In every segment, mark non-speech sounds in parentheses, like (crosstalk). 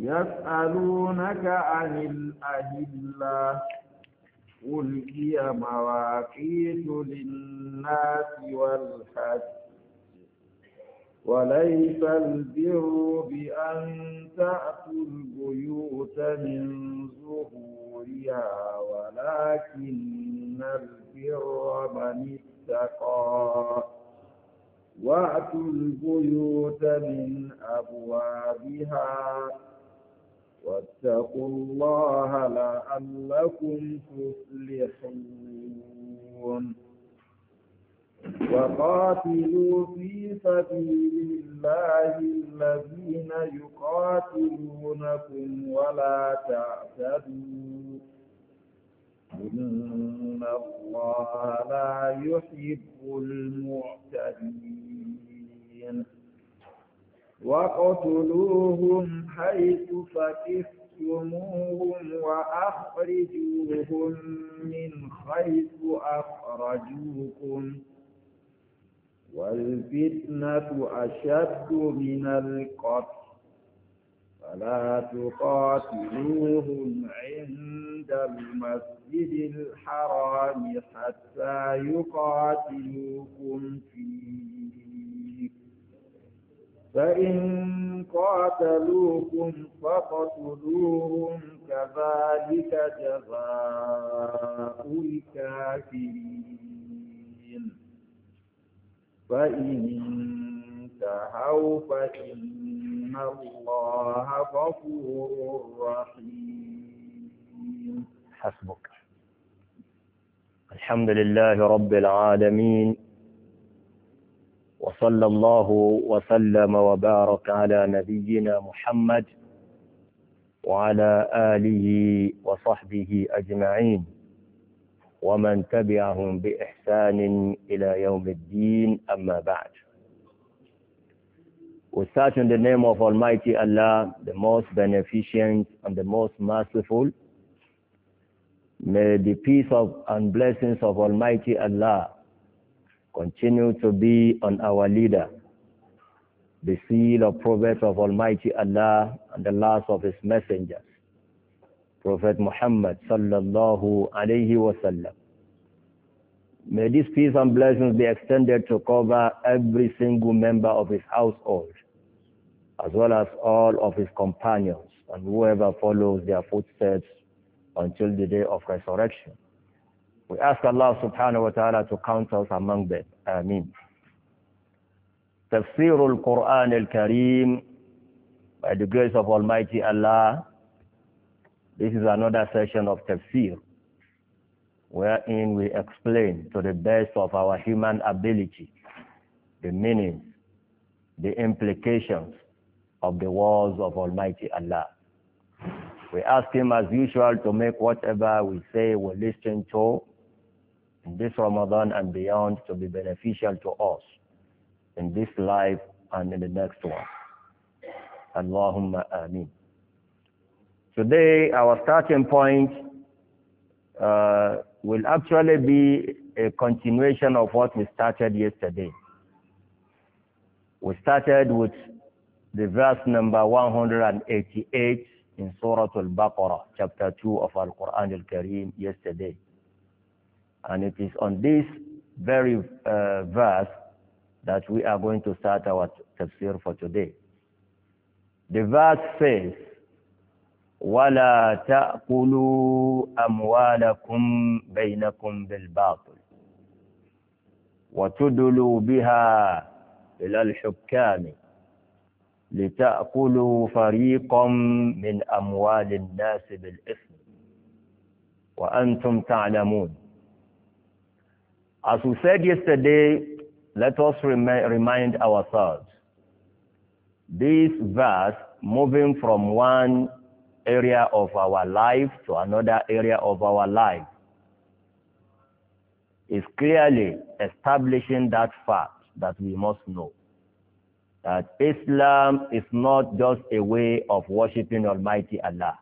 يسألونك عن الأهلة قل هي مواقيت للناس والحج وليس البر بأن تأتوا البيوت من ظهورها ولكن البر من اتقى وأتوا البيوت من أبوابها واتقوا الله لعلكم تفلحون وقاتلوا في سبيل الله الذين يقاتلونكم ولا تعتدوا إن الله لا يحب المعتدين وقتلوهم حيث فكفتموهم وأخرجوهم من حيث أخرجوكم والفتنة أشد من القتل فلا تقاتلوهم عند المسجد الحرام حتى يقاتلوكم فيه فإن قاتلوكم فقتلوهم كذلك جزاء الكافرين فإن انتهوا فإن الله غفور رحيم حسبك الحمد لله رب العالمين وصلى الله وسلم وبارك على نبينا محمد وعلى آله وصحبه أجمعين ومن تبعهم بإحسان إلى يوم الدين أما بعد We start in the name of Almighty Allah, the most beneficent and the most merciful. May the peace of and blessings of Almighty Allah Continue to be on our leader, the seal of prophets of Almighty Allah and the last of His messengers, Prophet Muhammad sallallahu alayhi wasallam. May this peace and blessings be extended to cover every single member of his household, as well as all of his companions and whoever follows their footsteps until the day of resurrection. We ask Allah subhanahu wa ta'ala to count us among them. Ameen. Tafsir al-Quran al-Kareem by the grace of Almighty Allah. This is another session of tafsir wherein we explain to the best of our human ability the meanings, the implications of the words of Almighty Allah. We ask Him as usual to make whatever we say we listen to in this Ramadan and beyond to be beneficial to us in this life and in the next one. Allahumma ameen. Today, our starting point uh, will actually be a continuation of what we started yesterday. We started with the verse number 188 in Surah Al-Baqarah, chapter 2 of Al-Quran Al-Kareem yesterday. And it is on this very uh, verse that we are going to start our tafsir for today. The verse says, وَلَا تَأْكُلُوا أَمْوَالَكُمْ بَيْنَكُمْ بِالْبَاطِلِ وَتُدْلُوا بِهَا إِلَى الْحُكَّامِ لتأكلوا فريقا من أموال الناس بالإثم وأنتم تعلمون as we said yesterday, let us remind ourselves. This verse, moving from one area of our life to another area of our life, is clearly establishing that fact that we must know. That Islam is not just a way of worshiping Almighty Allah,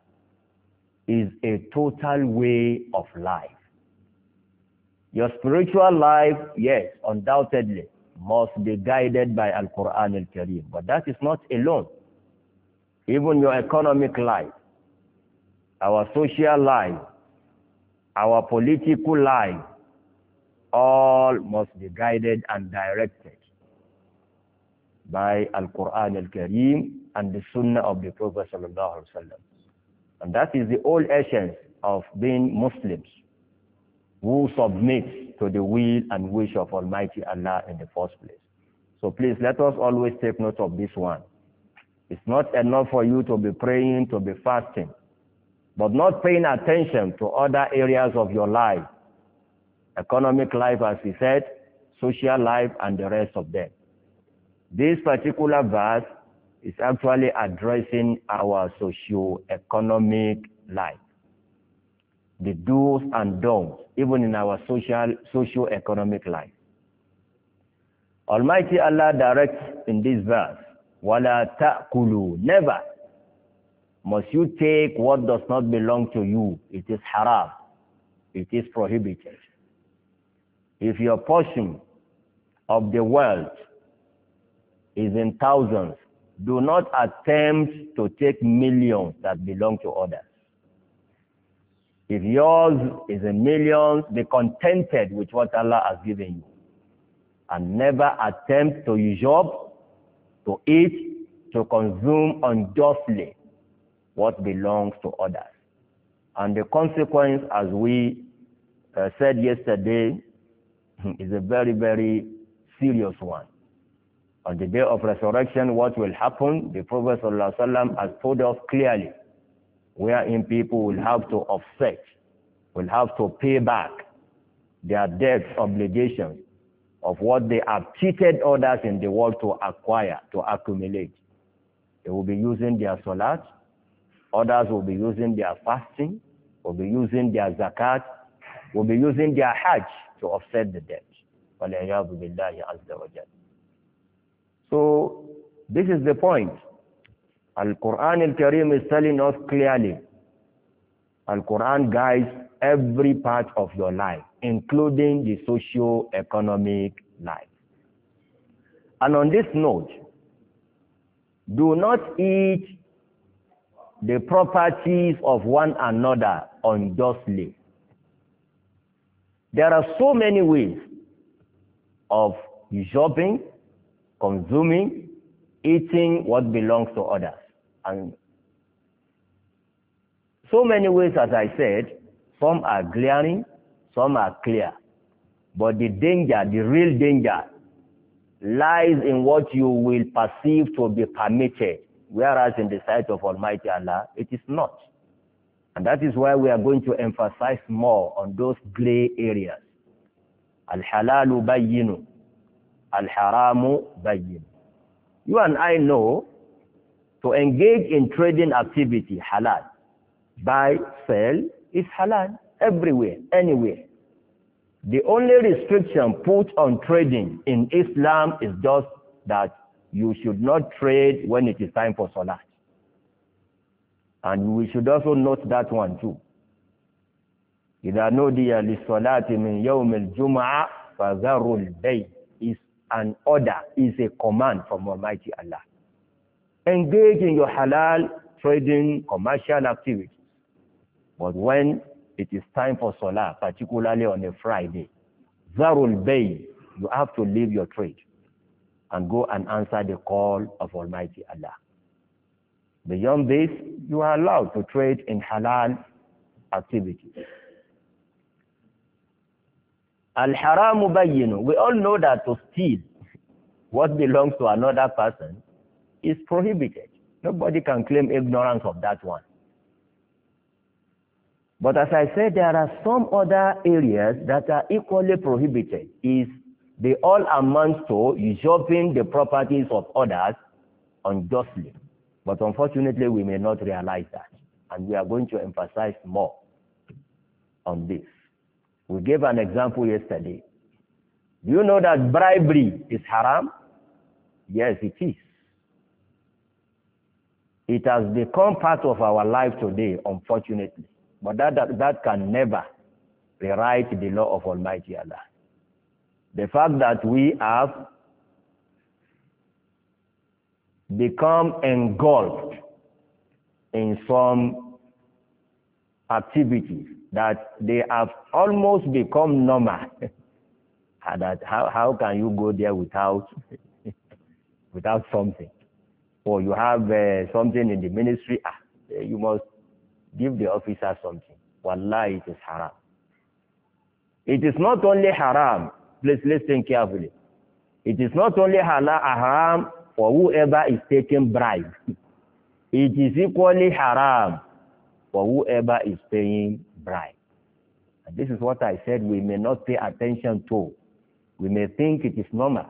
is a total way of life. Your spiritual life, yes, undoubtedly, must be guided by Al-Quran al-Karim. But that is not alone. Even your economic life, our social life, our political life, all must be guided and directed by Al-Quran al-Karim and the Sunnah of the Prophet sallallahu alaihi wasallam. And that is the whole essence of being Muslims who submits to the will and wish of Almighty Allah in the first place. So please let us always take note of this one. It's not enough for you to be praying, to be fasting, but not paying attention to other areas of your life. Economic life, as we said, social life, and the rest of them. This particular verse is actually addressing our socio-economic life the do's and don'ts, even in our social, socio-economic life. Almighty Allah directs in this verse, "Wala ta'kulu." Never must you take what does not belong to you. It is haram. It is prohibited. If your portion of the wealth is in thousands, do not attempt to take millions that belong to others. If yours is a million, be contented with what Allah has given you. And never attempt to usurp, to eat, to consume unjustly what belongs to others. And the consequence, as we uh, said yesterday, (laughs) is a very, very serious one. On the day of resurrection, what will happen? The Prophet has told us clearly wherein people will have to offset, will have to pay back their debt obligations of what they have cheated others in the world to acquire, to accumulate. They will be using their salat, others will be using their fasting, will be using their zakat, will be using their hajj to offset the debt. So this is the point. Al-Quran al-Karim is telling us clearly. Al-Quran guides every part of your life, including the socio-economic life. And on this note, do not eat the properties of one another unjustly. There are so many ways of shopping, consuming, eating what belongs to others. And so many ways, as I said, some are glaring, some are clear. But the danger, the real danger, lies in what you will perceive to be permitted, whereas in the sight of Almighty Allah, it is not. And that is why we are going to emphasize more on those gray areas. Al-halalu bayyinu, al-haramu bayyinu. You and I know To engage in trading activity, halal. Buy, sell is halal everywhere, anywhere. The only restriction put on trading in Islam is just that you should not trade when it is time for salah. And we should also note that one too. إذا نودي للصلاة من يوم الجمعة فذروا البيع is an order, is a command from Almighty Allah. Engage in your halal trading commercial activities. But when it is time for Salah, particularly on a Friday, Zarul Bay, you have to leave your trade and go and answer the call of Almighty Allah. Beyond this, you are allowed to trade in halal activities. Al-haram We all know that to steal what belongs to another person is prohibited. Nobody can claim ignorance of that one. But as I said, there are some other areas that are equally prohibited. Is they all amount to usurping the properties of others unjustly. But unfortunately, we may not realize that. And we are going to emphasize more on this. We gave an example yesterday. Do you know that bribery is haram? Yes, it is. It has become part of our life today, unfortunately. But that, that, that can never rewrite the law of Almighty Allah. The fact that we have become engulfed in some activities that they have almost become normal. (laughs) that how, how can you go there without (laughs) without something? or you have uh, something in the ministry, ah, eh, you must give the officer something. Wallahi, it is haram. It is not only haram, please listen carefully. It is not only haram for whoever is taking bribe. It is equally haram for whoever is paying bribe. And this is what I said we may not pay attention to. We may think it is normal.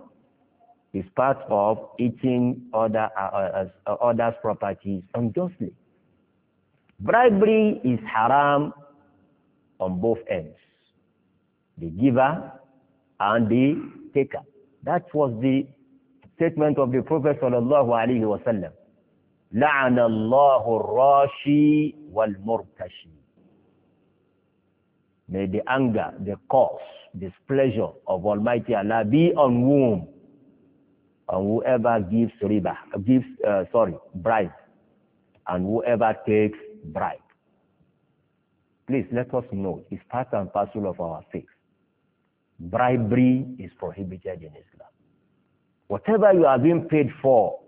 is part of eating other, uh, uh, uh, others' properties unjustly. Bribery is haram on both ends, the giver and the taker. That was the statement of the Prophet sallallahu alaihi wasallam. لعن الله الراشي والمرتشي. May the anger, the cause, displeasure of Almighty Allah be on whom and whoever gives riba, gives, uh, sorry, bribe, and whoever takes bribe. Please let us know, it's part and parcel of our faith. Bribery is prohibited in Islam. Whatever you are being paid for,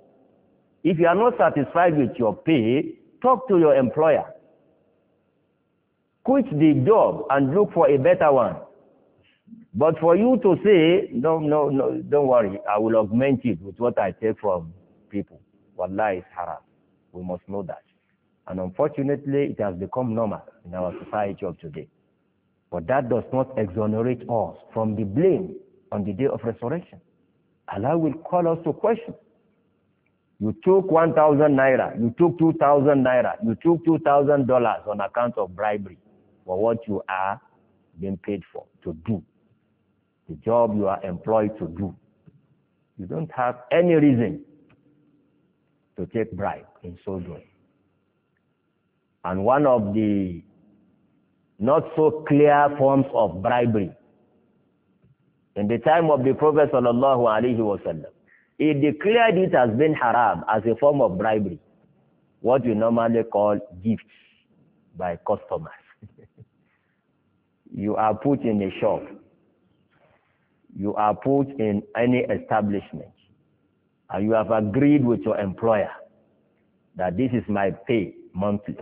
if you are not satisfied with your pay, talk to your employer. Quit the job and look for a better one. But for you to say, no, no, no, don't worry, I will augment it with what I take from people. Wallahi is haram. We must know that. And unfortunately, it has become normal in our society of today. But that does not exonerate us from the blame on the day of resurrection. Allah will call us to question. You took 1,000 naira, you took 2,000 naira, you took $2,000 on account of bribery for what you are being paid for to do the job you are employed to do. You don't have any reason to take bribe in so doing. And one of the not so clear forms of bribery in the time of the Prophet sallallahu alaihi wasallam, he declared it as being haram as a form of bribery, what you normally call gifts by customers. (laughs) you are put in a shop you are put in any establishment and you have agreed with your employer that this is my pay monthly,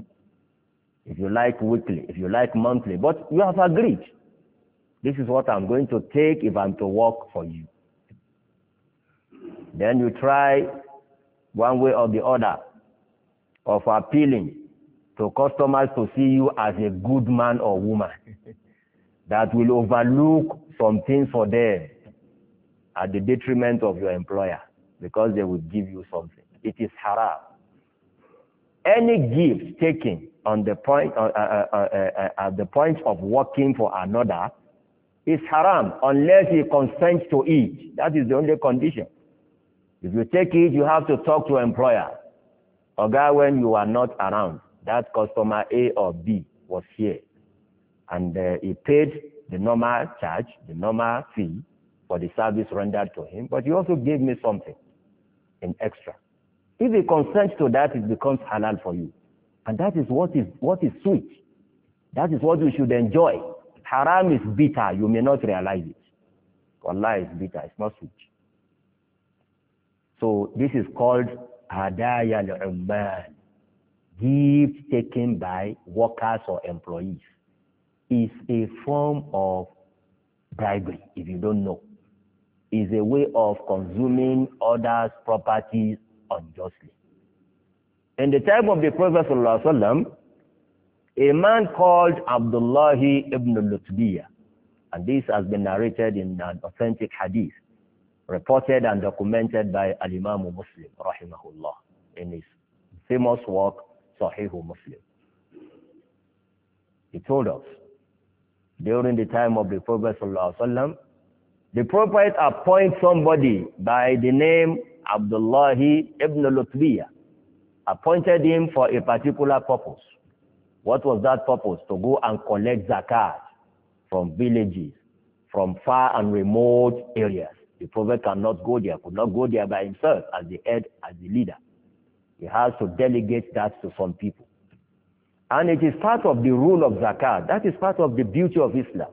if you like weekly, if you like monthly, but you have agreed. This is what I'm going to take if I'm to work for you. Then you try one way or the other of appealing to customers to see you as a good man or woman. (laughs) that will overlook some things for them at the detriment of your employer because they will give you something. It is haram. Any gift taken on the point uh, uh, uh, uh, uh at the point of working for another is haram unless he consents to it. That is the only condition. If you take it, you have to talk to employer. Or guy, when you are not around, that customer A or B was here and uh, he paid the normal charge, the normal fee for the service rendered to him, but he also gave me something in extra. If he consents to that, it becomes halal for you. And that is what is, what is sweet. That is what you should enjoy. Haram is bitter. You may not realize it. Allah is bitter. It's not sweet. So this is called hadaya al-umman. Gift taken by workers or employees is a form of bribery if you don't know is a way of consuming others property unjustly in the time of the prophet sallallahu a man called abdullah ibn lutbiya and this has been narrated in an authentic hadith reported and documented by al-imam muslim rahimahullah in his famous work sahih muslim he told us during the time of the Prophet sallam, the Prophet appoints somebody by the name Abdullah ibn Lutbiya, appointed him for a particular purpose. What was that purpose? To go and collect zakat from villages, from far and remote areas. The Prophet cannot go there, could not go there by himself as the head, as the leader. He has to delegate that to some people. And it is part of the rule of zakat. That is part of the beauty of Islam.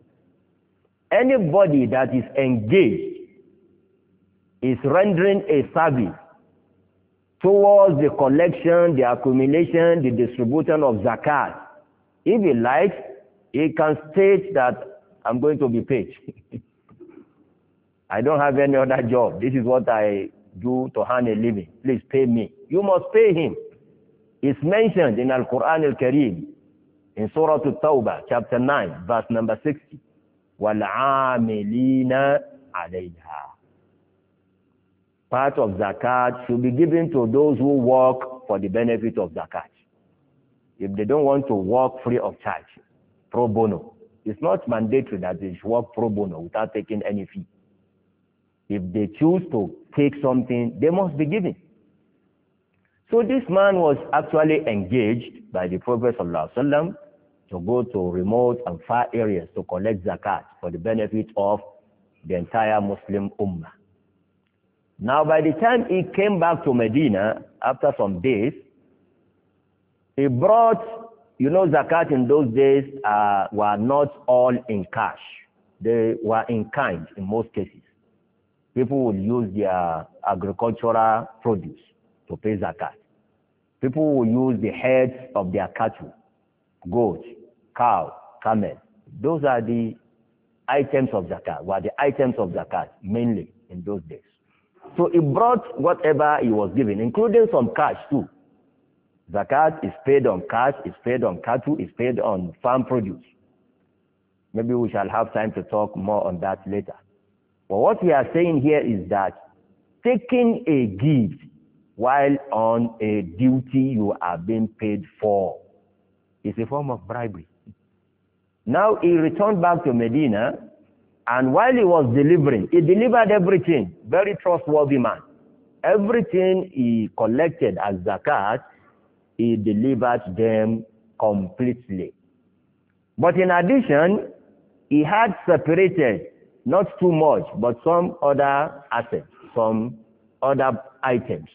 Anybody that is engaged is rendering a service towards the collection, the accumulation, the distribution of zakat. If he likes, he can state that I'm going to be paid. (laughs) I don't have any other job. This is what I do to earn a living. Please pay me. You must pay him. is mentioned in Al-Quran Al-Kareem in Surah At-Tawbah, chapter 9, verse number 60. Part of zakat should be given to those who work for the benefit of zakat. If they don't want to work free of charge, pro bono. It's not mandatory that they should work pro bono without taking any fee. If they choose to take something, they must be given. So this man was actually engaged by the Prophet ﷺ to go to remote and far areas to collect zakat for the benefit of the entire Muslim ummah. Now by the time he came back to Medina, after some days, he brought, you know zakat in those days uh, were not all in cash. They were in kind in most cases. People would use their agricultural produce to pay zakat. People will use the heads of their cattle, goat, cow, camel. Those are the items of zakat, were the items of zakat mainly in those days. So he brought whatever he was given, including some cash too. Zakat is paid on cash, is paid on cattle, is paid on farm produce. Maybe we shall have time to talk more on that later. But what we are saying here is that taking a gift while on a duty you are being paid for. It's a form of bribery. Now he returned back to Medina, and while he was delivering, he delivered everything. Very trustworthy man. Everything he collected as zakat, he delivered them completely. But in addition, he had separated not too much, but some other assets, some other items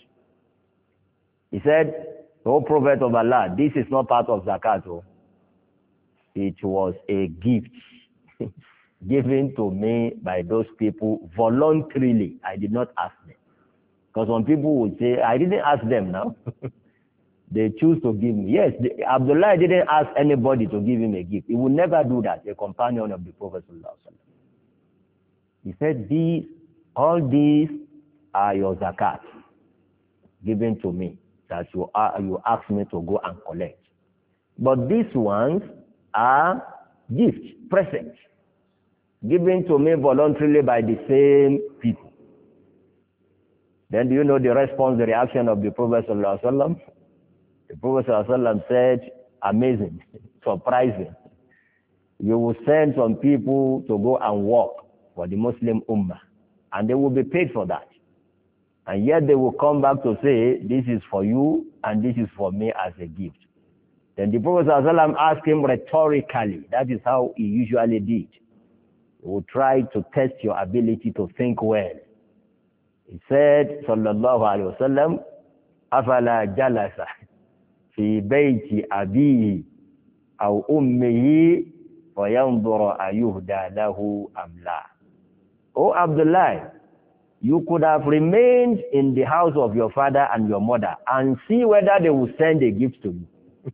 He said, O Prophet of Allah, this is not part of zakat. Oh. It was a gift (laughs) given to me by those people voluntarily. I did not ask them. Because some people would say, I didn't ask them now. (laughs) they choose to give me. Yes, the, Abdullah didn't ask anybody to give him a gift. He would never do that, a companion of the Prophet. He said, these, all these are your zakat given to me that you, are, you ask me to go and collect. But these ones are gifts, presents, given to me voluntarily by the same people. Then do you know the response, the reaction of the Prophet ﷺ? The Prophet ﷺ said, amazing, (laughs) surprising. You will send some people to go and work for the Muslim Ummah, and they will be paid for that. And yet they will come back to say, this is for you and this is for me as a gift. Then the Prophet ﷺ asked him rhetorically. That is how he usually did. He would try to test your ability to think well. He said, sallallahu alayhi wa sallam, أَفَلَا جَلَسَ فِي بَيْتِ أَبِيهِ أَوْ أُمِّهِ فَيَنْظُرَ أَيُهْدَى لَهُ أَمْ لَا O Abdullah, you could have remained in the house of your father and your mother and see whether they will send a gift to you.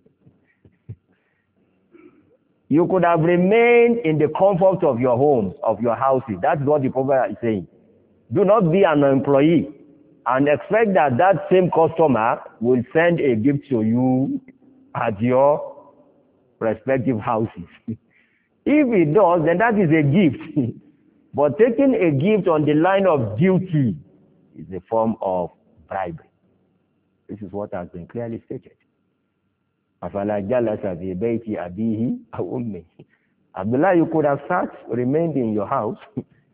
you could have remained in the comfort of your homes, of your houses. That's what the proverb is saying. Do not be an employee and expect that that same customer will send a gift to you at your respective houses. (laughs) if he does, then that is a gift. (laughs) But taking a gift on the line of duty is a form of bribery. This is what has been clearly stated. Afala jalasa fi bayti abihi aw ummihi. Abdullah, you could have sat, remained in your house,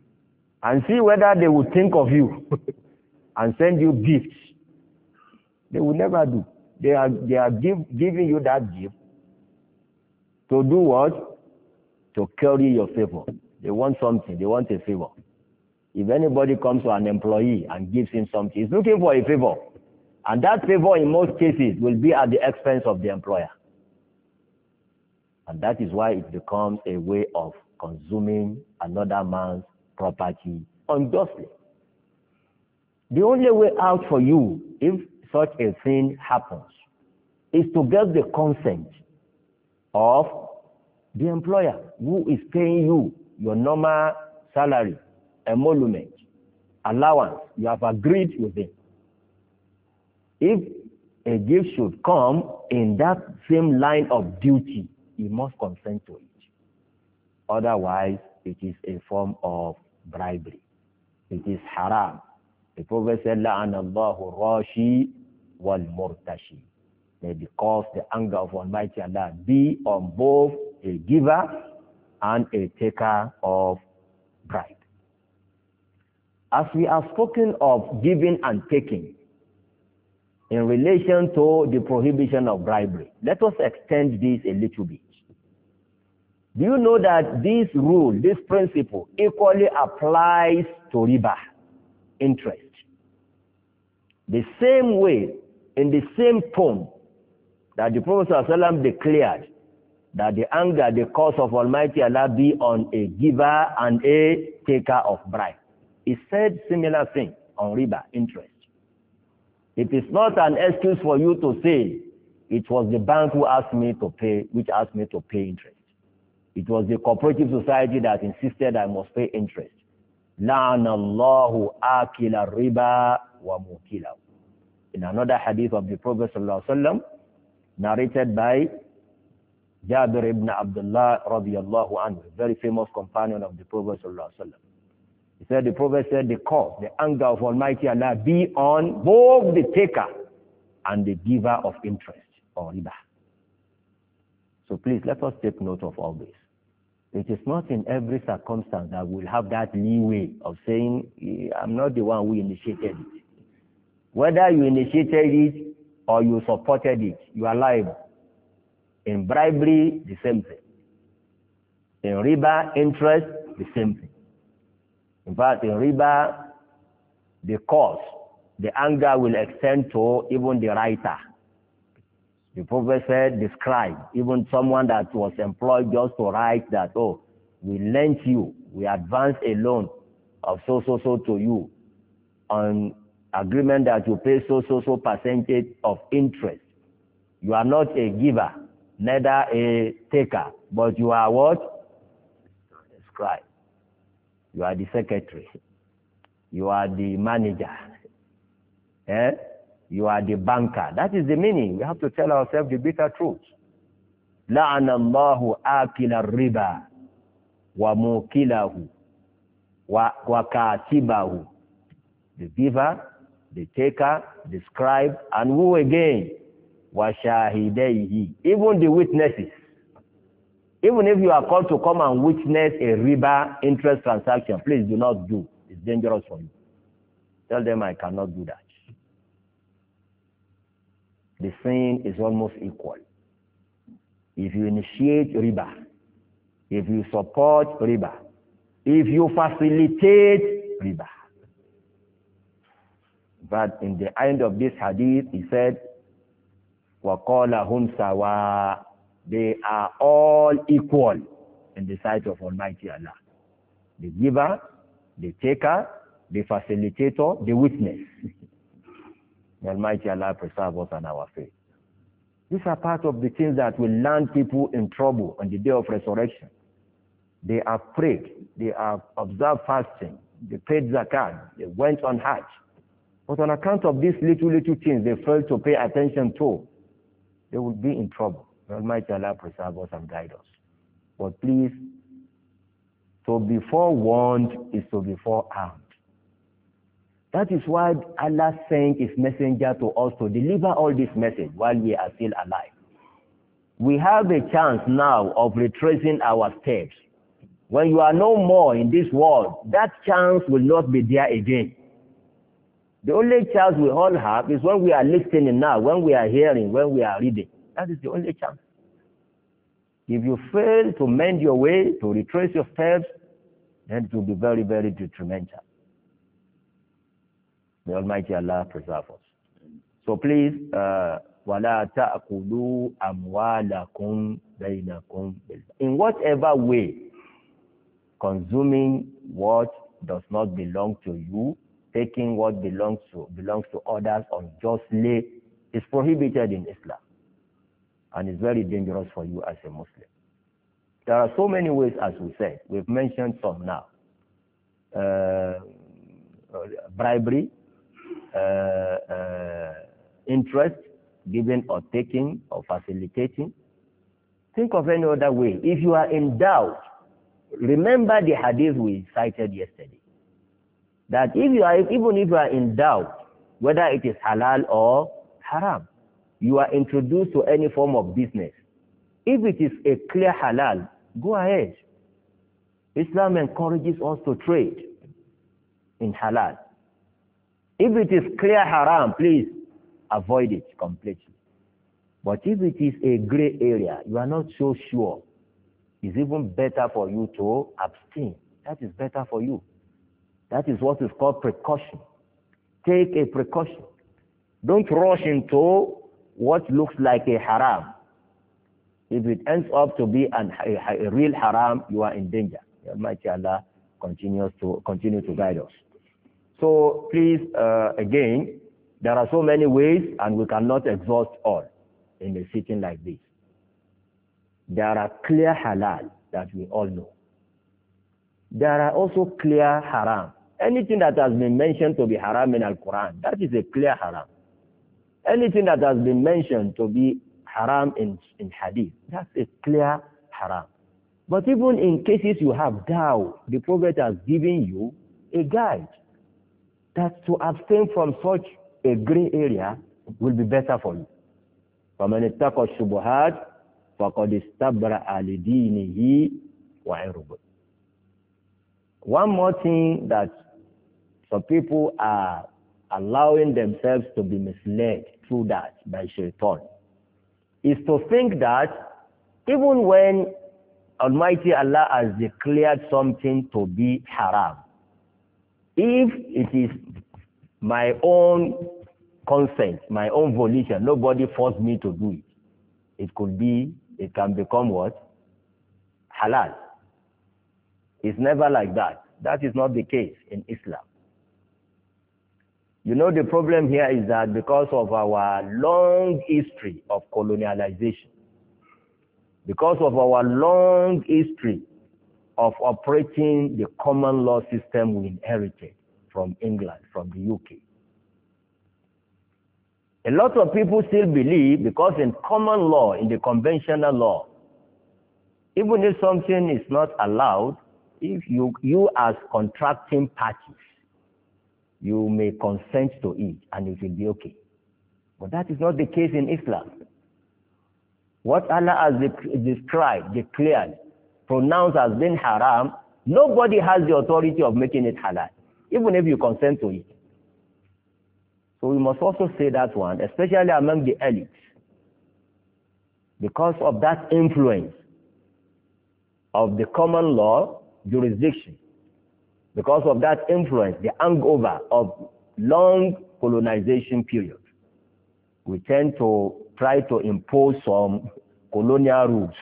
(laughs) and see whether they would think of you (laughs) and send you gifts. They will never do. They are, they are give, giving you that gift to do what? To carry your favor. They want something. They want a favor. If anybody comes to an employee and gives him something, he's looking for a favor. And that favor in most cases will be at the expense of the employer. And that is why it becomes a way of consuming another man's property unjustly. The only way out for you, if such a thing happens, is to get the consent of the employer who is paying you your normal salary, emolument, allowance, you have agreed with him. If a gift should come in that same line of duty, he must consent to it. Otherwise, it is a form of bribery. It is haram. The Prophet said, La'anallahu rashi wal murtashi. May because the anger of Almighty Allah be on both a giver and a taker of pride. As we have spoken of giving and taking in relation to the prohibition of bribery, let us extend this a little bit. Do you know that this rule, this principle, equally applies to riba, interest? The same way, in the same tone that the Prophet ﷺ declared that the anger, the cause of Almighty Allah be on a giver and a taker of bribe. He said similar thing on riba, interest. It is not an excuse for you to say, it was the bank who asked me to pay, which asked me to pay interest. It was the cooperative society that insisted I must pay interest. Allahu اللَّهُ riba wa وَمُوكِلَهُ In another hadith of the Prophet ﷺ, narrated by Jabir ibn Abdullah radiyallahu anhu, very famous companion of the Prophet sallallahu He said, the Prophet said, the cause, the anger of Almighty Allah be on both the taker and the giver of interest or riba. So please let us take note of all this. It is not in every circumstance that we'll have that leeway of saying, I'm not the one who initiated it. Whether you initiated it or you supported it, you are liable. In bribery, the same thing. In riba interest, the same thing. In fact, in riba, the cause, the anger will extend to even the writer. The prophet said, describe even someone that was employed just to write that, oh, we lent you, we advanced a loan of so, so, so to you on agreement that you pay so, so, so percentage of interest. You are not a giver. neither a taker, but you are what? A scribe. You are the secretary. You are the manager. Eh? You are the banker. That is the meaning. We have to tell ourselves the bitter truth. لعن الله آكل الربا وموكله وكاتبه the giver, the taker, the scribe, and who again? وَشَاهِدَيْهِ Even the witnesses. Even if you are called to come and witness a riba interest transaction, please do not do. It's dangerous for you. Tell them I cannot do that. The sin is almost equal. If you initiate riba, if you support riba, if you facilitate riba. But in the end of this hadith, he said, وَقَالَهُمْ سَوَاءٌ They are all equal in the sight of Almighty Allah. The giver, the taker, the facilitator, the witness. Almighty Allah preserve us and our faith. These are part of the things that will land people in trouble on the day of resurrection. They are prayed, they are observed fasting, they paid zakat, they went on hajj. But on account of these little, little things they failed to pay attention to, they will be in trouble. Almighty Allah preserve us and guide us. But please, to be forewarned is to be forearmed. That is why Allah sent His messenger to us to deliver all this message while we are still alive. We have a chance now of retracing our steps. When you are no more in this world, that chance will not be there again. The only chance we all have is when we are listening now, when we are hearing, when we are reading. That is the only chance. If you fail to mend your way, to retrace your steps, then it will be very, very detrimental. May Almighty Allah preserve us. So please, uh, In whatever way, consuming what does not belong to you taking what belongs to belongs to others unjustly is prohibited in Islam and is very dangerous for you as a Muslim. There are so many ways, as we said. We've mentioned some now. Uh, bribery, uh, uh, interest, giving or taking or facilitating. Think of any other way. If you are in doubt, remember the hadith we cited yesterday that if you are, even if you are in doubt whether it is halal or haram, you are introduced to any form of business. If it is a clear halal, go ahead. Islam encourages us to trade in halal. If it is clear haram, please avoid it completely. But if it is a gray area, you are not so sure, it's even better for you to abstain. That is better for you. That is what is called precaution. Take a precaution. Don't rush into what looks like a haram. If it ends up to be an, a, a real haram, you are in danger. Almighty Allah continues to continue to guide us. So please, uh, again, there are so many ways, and we cannot exhaust all in a sitting like this. There are clear halal that we all know. There are also clear haram Anything that has been mentioned to be haram in Al-Quran, that is a clear haram. Anything that has been mentioned to be haram in, in hadith, that's a clear haram. But even in cases you have doubt, the Prophet has given you a guide that to abstain from such a gray area will be better for you. فَمَنِ اتَّقَى الشُّبُهَاتِ فَقَدْ اسْتَبْرَأَ لِدِينِهِ وَعِرُبُهِ one more thing that so people are allowing themselves to be misled through that by shaitan. Is to think that even when Almighty Allah has declared something to be haram, if it is my own consent, my own volition, nobody forced me to do it, it could be, it can become what? Halal. It's never like that. That is not the case in Islam. You know, the problem here is that because of our long history of colonialization, because of our long history of operating the common law system we inherited from England, from the UK. A lot of people still believe because in common law, in the conventional law, even if something is not allowed, if you, you as contracting parties you may consent to it and it will be okay. But that is not the case in Islam. What Allah has described, declared, pronounced as being haram, nobody has the authority of making it halal, even if you consent to it. So we must also say that one, especially among the elites, because of that influence of the common law jurisdiction Because of that influence, the hangover of long colonization period, we tend to try to impose some colonial rules,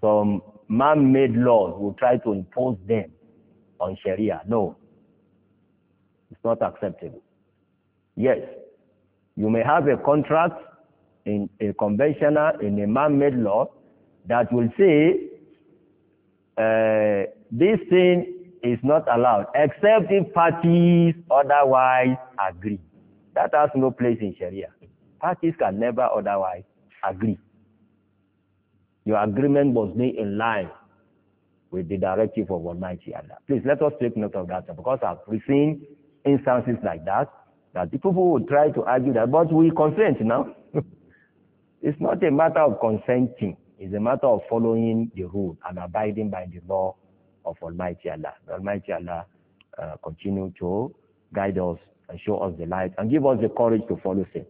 some man-made laws, we try to impose them on Sharia. No, it's not acceptable. Yes, you may have a contract in a conventional, in a man-made law that will say uh, this thing is not allowed except if parties otherwise agree. That has no place in Sharia. Parties can never otherwise agree. Your agreement must be in line with the directive of Almighty Allah. Please let us take note of that because I've seen instances like that that the people would try to argue that, but we consent now. (laughs) it's not a matter of consenting, it's a matter of following the rule and abiding by the law of Almighty Allah. May Almighty Allah uh, continue to guide us and show us the light and give us the courage to follow Him.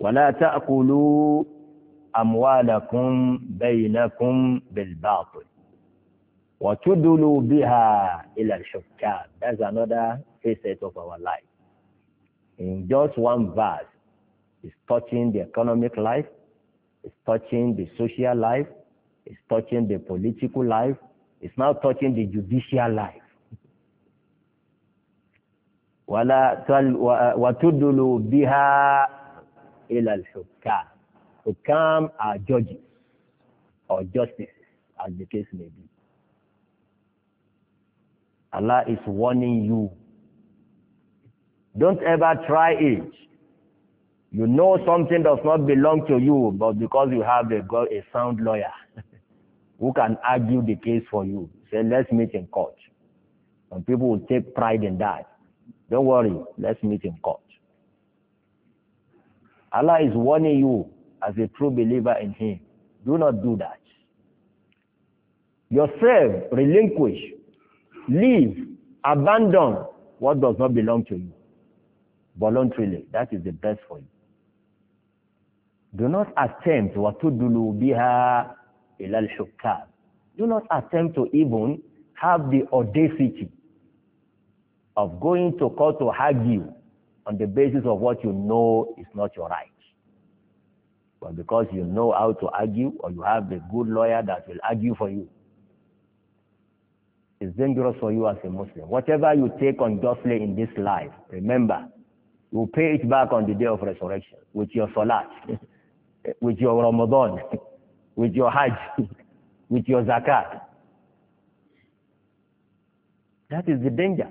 ولا تأكلوا أموالكم بينكم بالباطل وتدلوا بها إلى الحكام. That's another facet of our life. In just one verse, it's touching the economic life, it's touching the social life, it's touching the political life, It's now touching the judicial life. ولا وتدلوا بها إلى الحكام. Hukam are judges or justices, as the case may be. Allah is warning you. Don't ever try it. You know something does not belong to you, but because you have a, a sound lawyer, who can argue the case for you. Say, let's meet in court. And people will take pride in that. Don't worry, let's meet in court. Allah is warning you as a true believer in Him. Do not do that. Yourself, relinquish, leave, abandon what does not belong to you. Voluntarily, that is the best for you. Do not attempt watudulu biha do not attempt to even have the audacity of going to court to argue on the basis of what you know is not your right. But because you know how to argue or you have a good lawyer that will argue for you, it's dangerous for you as a Muslim. Whatever you take unjustly in this life, remember, you pay it back on the day of resurrection with your salat, (laughs) with your Ramadan. (laughs) with your hajj, (laughs) with your zakat. That is the danger.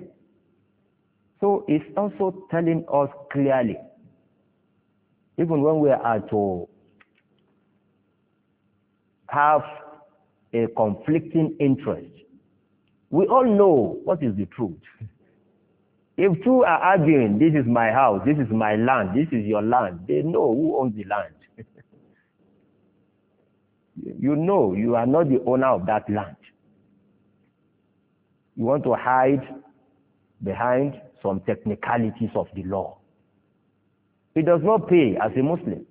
So it's also telling us clearly, even when we are to have a conflicting interest, we all know what is the truth. (laughs) If two are arguing, this is my house, this is my land, this is your land, they know who owns the land. You know you are not the owner of that land. You want to hide behind some technicalities of the law. It does not pay as a Muslim.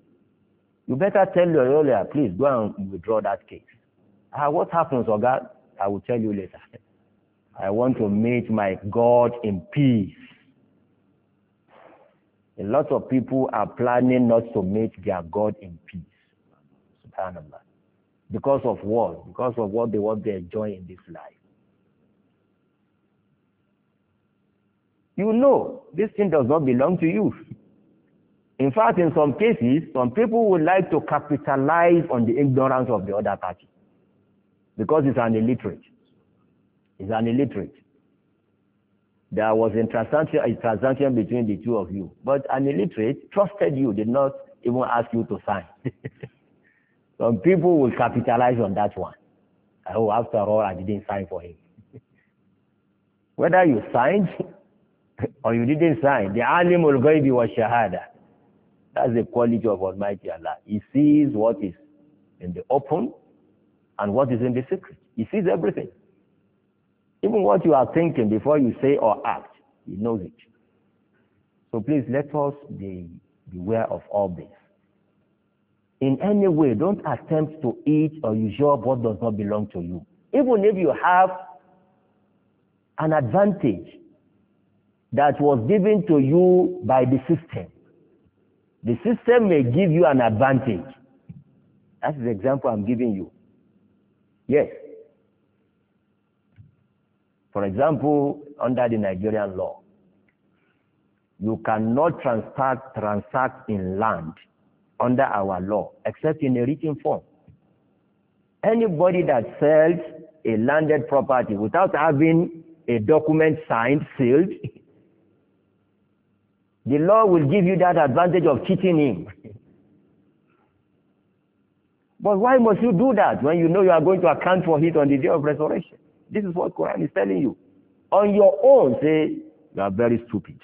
You better tell your lawyer, please go and withdraw that case. Ah, what happens, Oga? I will tell you later. I want to meet my God in peace. A lot of people are planning not to meet their God in peace. SubhanAllah. Because of what? Because of what they want to enjoy in this life. You know, this thing does not belong to you. In fact, in some cases, some people would like to capitalize on the ignorance of the other party because it's an illiterate. It's an illiterate. There was a transaction, a transaction between the two of you, but an illiterate trusted you, did not even ask you to sign. (laughs) Some people will capitalize on that one. Oh, after all, I didn't sign for him. (laughs) Whether you signed (laughs) or you didn't sign, the animal ghaibi was shahada. That's the quality of Almighty Allah. He sees what is in the open and what is in the secret. He sees everything. Even what you are thinking before you say or act, he knows it. So please let us be beware of all this in any way, don't attempt to eat or usurp what does not belong to you. Even if you have an advantage that was given to you by the system, the system may give you an advantage. That's the example I'm giving you. Yes. For example, under the Nigerian law, you cannot transact, transact in land under our law, except in a written form. Anybody that sells a landed property without having a document signed, sealed, (laughs) the law will give you that advantage of cheating him. (laughs) but why must you do that when you know you are going to account for it on the day of resurrection? This is what Quran is telling you. On your own, say, you are very stupid.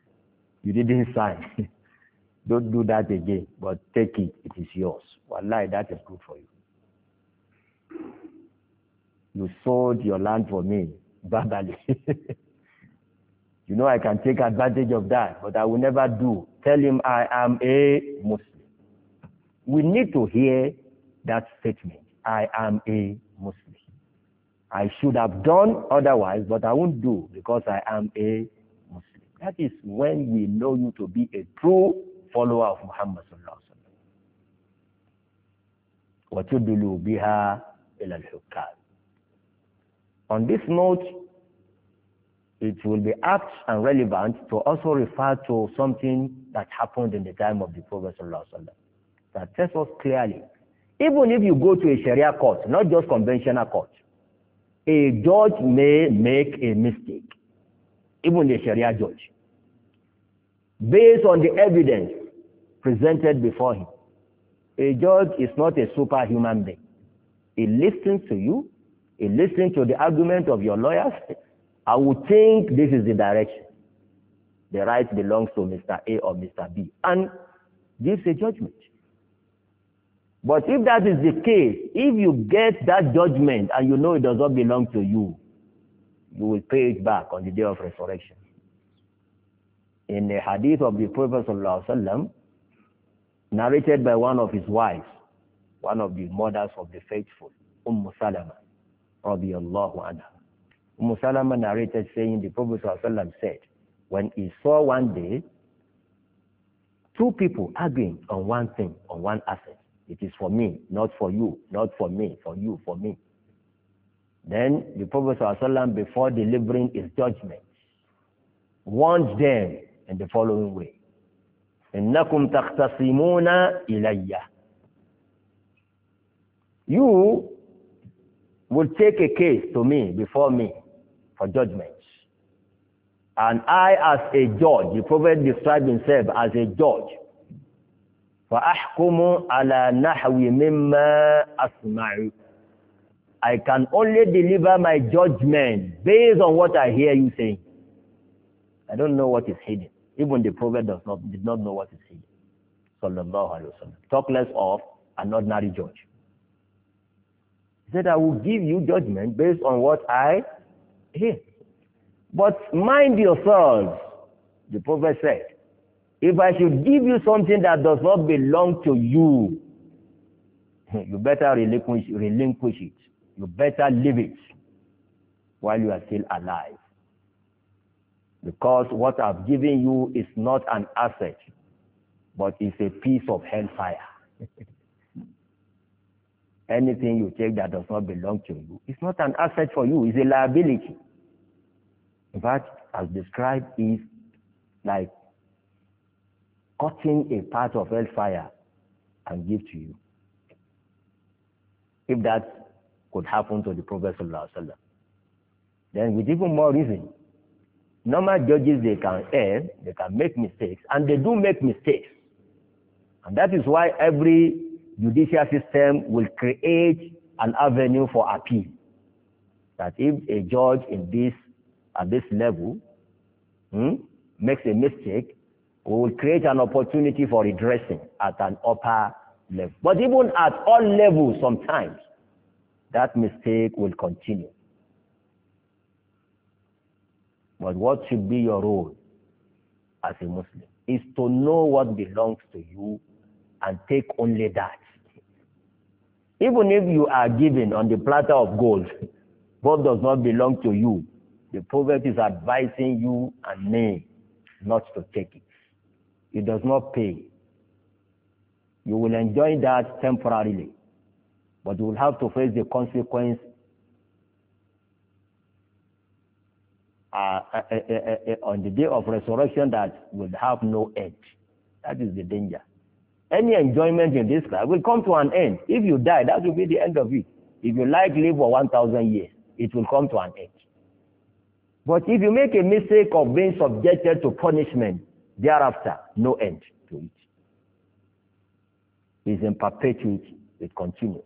(laughs) you didn't sign. Don't do that again, but take it. It is yours. Wallahi, that is good for you. You sold your land for me verbally. (laughs) you know I can take advantage of that, but I will never do. Tell him I am a Muslim. We need to hear that statement. I am a Muslim. I should have done otherwise, but I won't do because I am a Muslim. That is when we know you to be a true follower of Muhammad sallallahu alaihi wasallam. وَتُدُلُوا بِهَا إِلَى الْحُكَّامِ On this note, it will be apt and relevant to also refer to something that happened in the time of the Prophet sallallahu alaihi wasallam. That tells us clearly, even if you go to a Sharia court, not just conventional court, a judge may make a mistake, even a Sharia judge, based on the evidence presented before him. A judge is not a superhuman being. He listens to you. He listens to the argument of your lawyers. I would think this is the direction. The right belongs to Mr. A or Mr. B and gives a judgment. But if that is the case, if you get that judgment and you know it does not belong to you, you will pay it back on the day of resurrection. In the hadith of the Prophet sallallahu alaihi wasallam, narrated by one of his wives, one of the mothers of the faithful, Umm Salama, radiallahu anha. Umm Salama narrated saying, the Prophet ﷺ said, when he saw one day, two people arguing on one thing, on one asset. It is for me, not for you, not for me, for you, for me. Then the Prophet ﷺ, before delivering his judgment, warned them in the following way innakum taqtasimuna ilayya. You will take a case to me, before me, for judgment. And I as a judge, the prophet described himself as a judge. فَأَحْكُمُ عَلَى نَحْوِ مِمَّا أَسْمَعُ I can only deliver my judgment based on what I hear you saying. I don't know what is hidden. Even the Prophet does not, did not know what is he. Sallallahu alayhi wa Talk less of an ordinary judge. He said, I will give you judgment based on what I hear. But mind yourselves, the prophet said, if I should give you something that does not belong to you, (laughs) you better relinquish, relinquish it. You better leave it while you are still alive. Because what I've given you is not an asset, but it's a piece of hellfire. (laughs) Anything you take that does not belong to you, it's not an asset for you, it's a liability. In fact, as described, is like cutting a part of hellfire and give to you. If that could happen to the Prophet, then with even more reason, normal judges they can err they can make mistakes and they do make mistakes and that is why every judicial system will create an avenue for appeal that if a judge in this at this level hmm, makes a mistake we will create an opportunity for redressing at an upper level but even at all levels sometimes that mistake will continue But what should be your role as a Muslim is to know what belongs to you and take only that. Even if you are given on the platter of gold, gold does not belong to you. The prophet is advising you and me not to take it. It does not pay. You will enjoy that temporarily, but you will have to face the consequence Uh, uh, uh, uh, on the day of resurrection that will have no end. That is the danger. Any enjoyment in this life will come to an end. If you die, that will be the end of it. If you like live for 1,000 years, it will come to an end. But if you make a mistake of being subjected to punishment thereafter, no end to it. It's in perpetuity. It continues.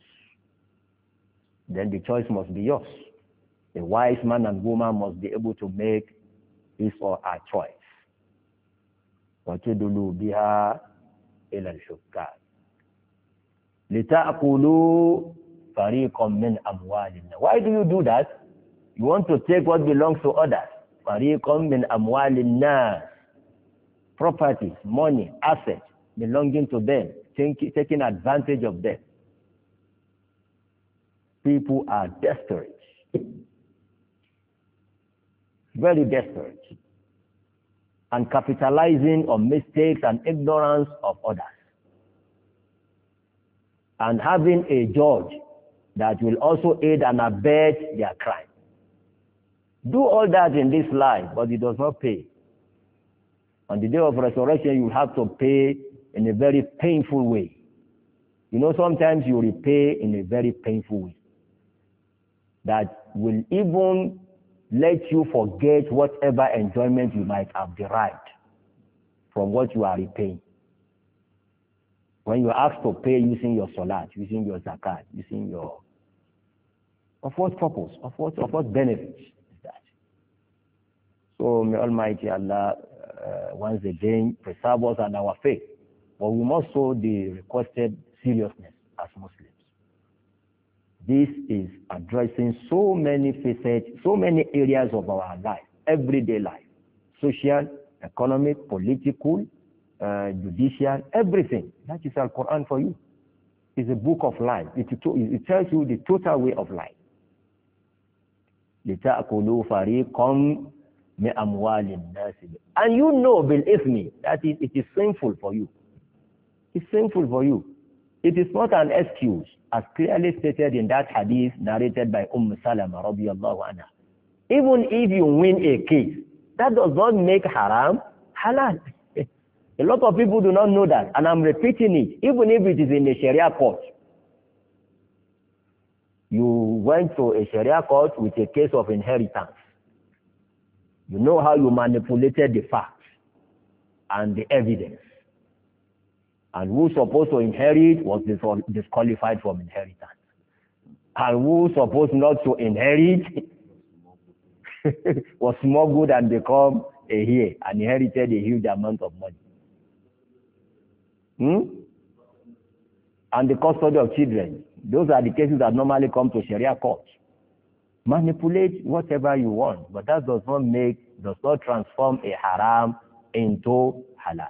Then the choice must be yours. A wise man and woman must be able to make his or her choice. وَتُدُلُوا بِهَا إِلَى لِتَأْكُلُوا مِّنْ Why do you do that? You want to take what belongs to others. فَرِيقًا مِّنْ أَمْوَالِ النَّاسِ money, assets belonging to them, taking advantage of them. People are desperate very desperate and capitalizing on mistakes and ignorance of others. And having a judge that will also aid and abet their crime. Do all that in this life, but it does not pay. On the day of resurrection, you have to pay in a very painful way. You know, sometimes you repay in a very painful way that will even let you forget whatever enjoyment you might have derived from what you are repaying. When you ask to pay using your salat, using your zakat, using your of what purpose, of what of what benefit is that? So may Almighty Allah uh, once again preserve us and our faith, but we must show the requested seriousness as Muslims. This is addressing so many facets, so many areas of our life, everyday life, social, economic, political, uh, judicial, everything. That is Al-Quran for you. It's a book of life. It, it tells you the total way of life. and you know, believe me, that is, it is sinful for you. It's sinful for you. It is not an excuse as clearly stated in that hadith narrated by Umm Salama radiyallahu anha. Even if you win a case, that does not make haram halal. (laughs) a lot of people do not know that, and I'm repeating it, even if it is in a Sharia court. You went to a Sharia court with a case of inheritance. You know how you manipulated the facts and the evidence and who supposed to inherit was disqualified from inheritance. And who supposed not to inherit (laughs) was smuggled and become a heir and inherited a huge amount of money. Hmm? And the custody of children. Those are the cases that normally come to Sharia court. Manipulate whatever you want, but that does not make, does not transform a haram into halal.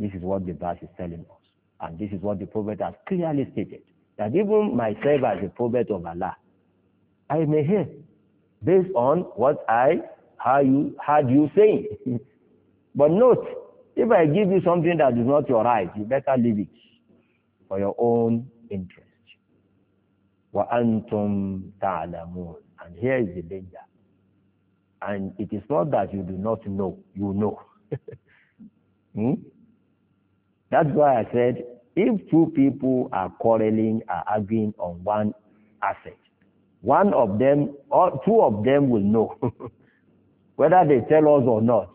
This is what the verse is telling us. And this is what the prophet has clearly stated. That even myself as a prophet of Allah, I may hear based on what I how you, heard you saying. (laughs) but note, if I give you something that is not your right, you better leave it for your own interest. antum تَعْلَمُونَ And here is the danger. And it is not that you do not know, you know. (laughs) hmm? That's why I said if two people are quarreling, are arguing on one asset, one of them or two of them will know, (laughs) whether they tell us or not,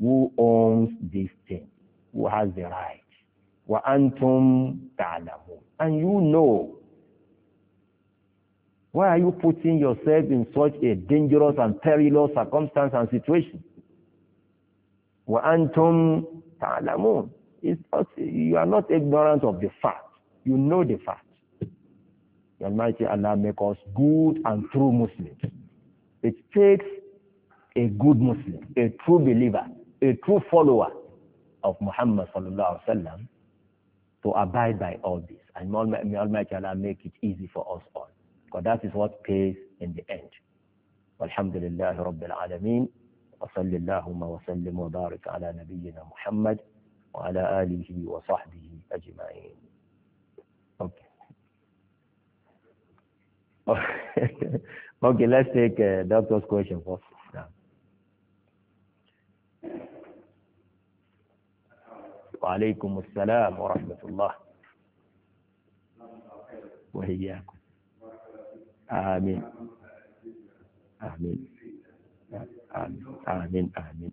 who owns this thing, who has the right. And you know. Why are you putting yourself in such a dangerous and perilous circumstance and situation? وَأَنْتُمْ تَعْلَمُونَ it's not, you are not ignorant of the fact. You know the fact. The Almighty Allah make us good and true Muslims. It takes a good Muslim, a true believer, a true follower of Muhammad sallallahu alaihi wasallam to abide by all this. And may Almighty Allah make it easy for us all. Because that is what pays in the end. والحمد لله رب العالمين وصل اللهم وسلم وبارك على نبينا محمد وعلى آله وصحبه أجمعين Okay. (laughs) okay, let's take uh, doctor's question first. Now. وعليكم السلام ورحمة الله وإياكم آمين آمين آمين آمين, آمين.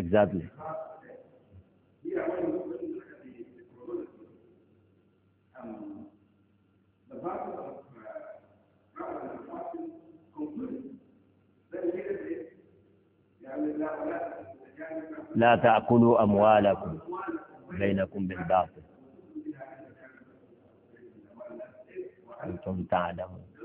Exactly. لا تأكلوا أموالكم بينكم بالباطل أنتم تعلمون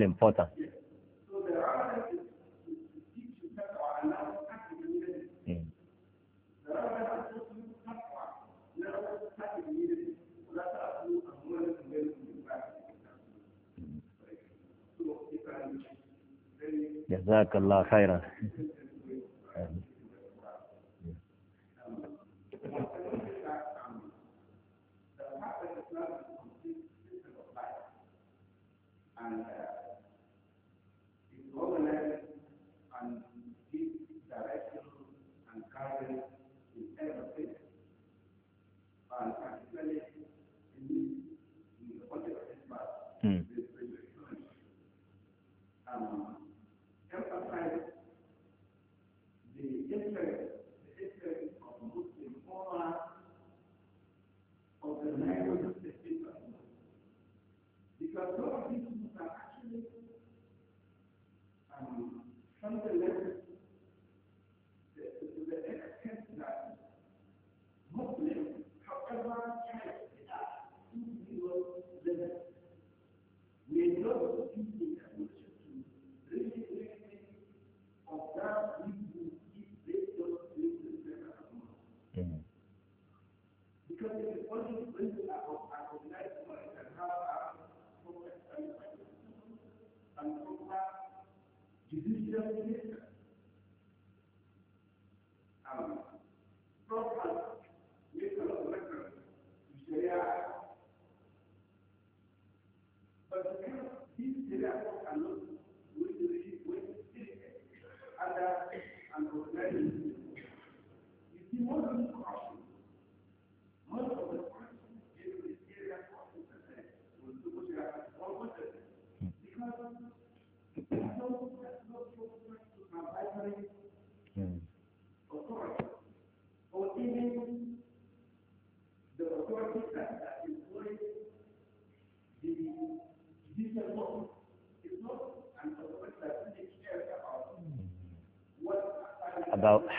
all important. Mm. جزاك الله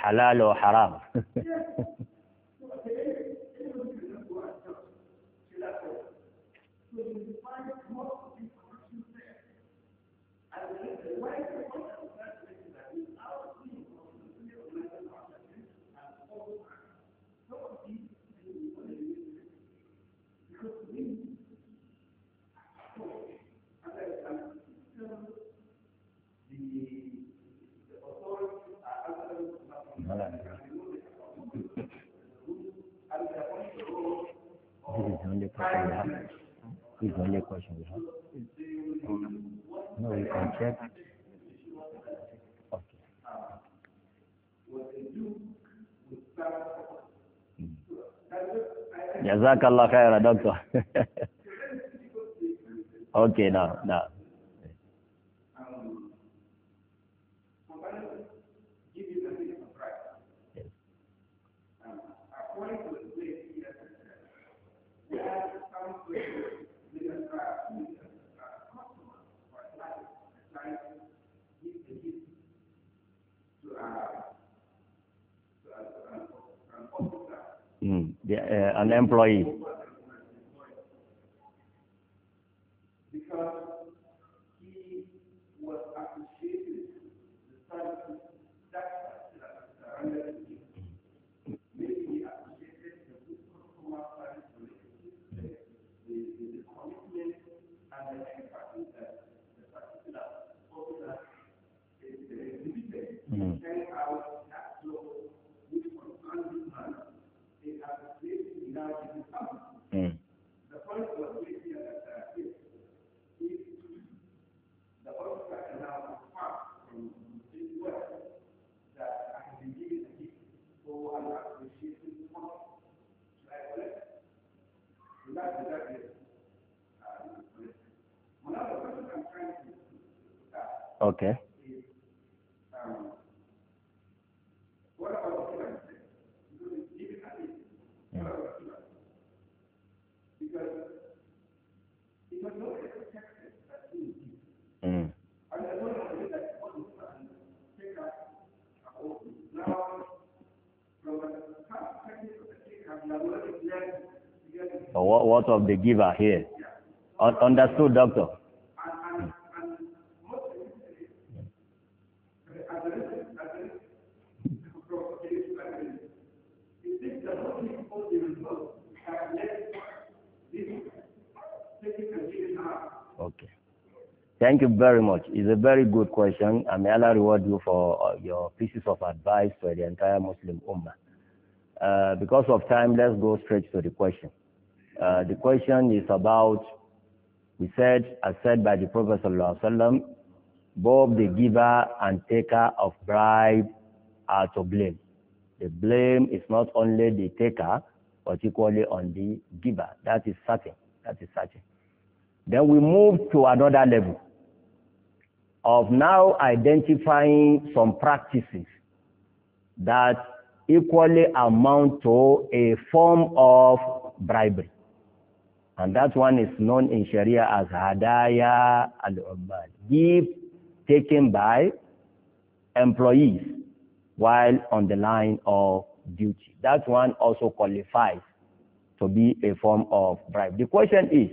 حلال وحرام Jazakallah khairan, doctor. (laughs) okay, now, now. Um, the, uh, an employee what of the giver here. Understood, doctor? Okay. Thank you very much. It's a very good question, and may Allah reward you for uh, your pieces of advice for the entire Muslim Ummah. Uh, because of time, let's go straight to the question. Uh, the question is about, we said, as said by the Prophet ﷺ, both the giver and taker of bribe are to blame. The blame is not only the taker, but equally on the giver. That is certain. That is certain. Then we move to another level of now identifying some practices that equally amount to a form of bribery. And that one is known in Sharia as Hadaya al-Ummal. Give taken by employees while on the line of duty. That one also qualifies to be a form of bribe. The question is,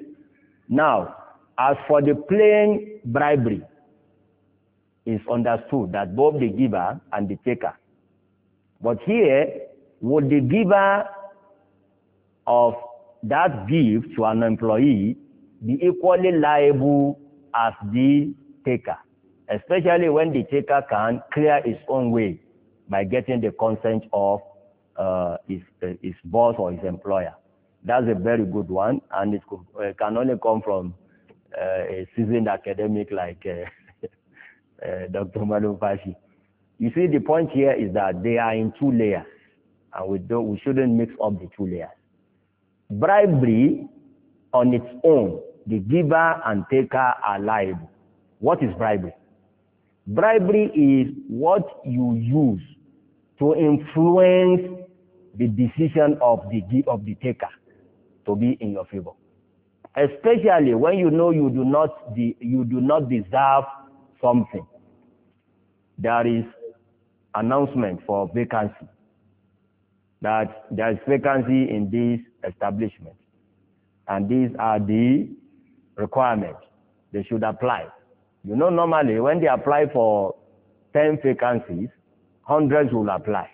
now, as for the plain bribery, it's understood that both the giver and the taker. But here, would the giver of that gift to an employee be equally liable as the taker, especially when the taker can clear his own way by getting the consent of uh, his, uh, his boss or his employer. That's a very good one, and it uh, can only come from uh, a seasoned academic like uh, (laughs) Dr. Malu You see, the point here is that they are in two layers, and we, don't, we shouldn't mix up the two layers. Bribery on its own, the giver and taker are liable. What is bribery? Bribery is what you use to influence the decision of the of the taker to be in your favor. Especially when you know you do not the you do not deserve something. There is announcement for vacancy. that there is vacancy in these establishments. And these are the requirements they should apply. You know, normally when they apply for 10 vacancies, hundreds will apply.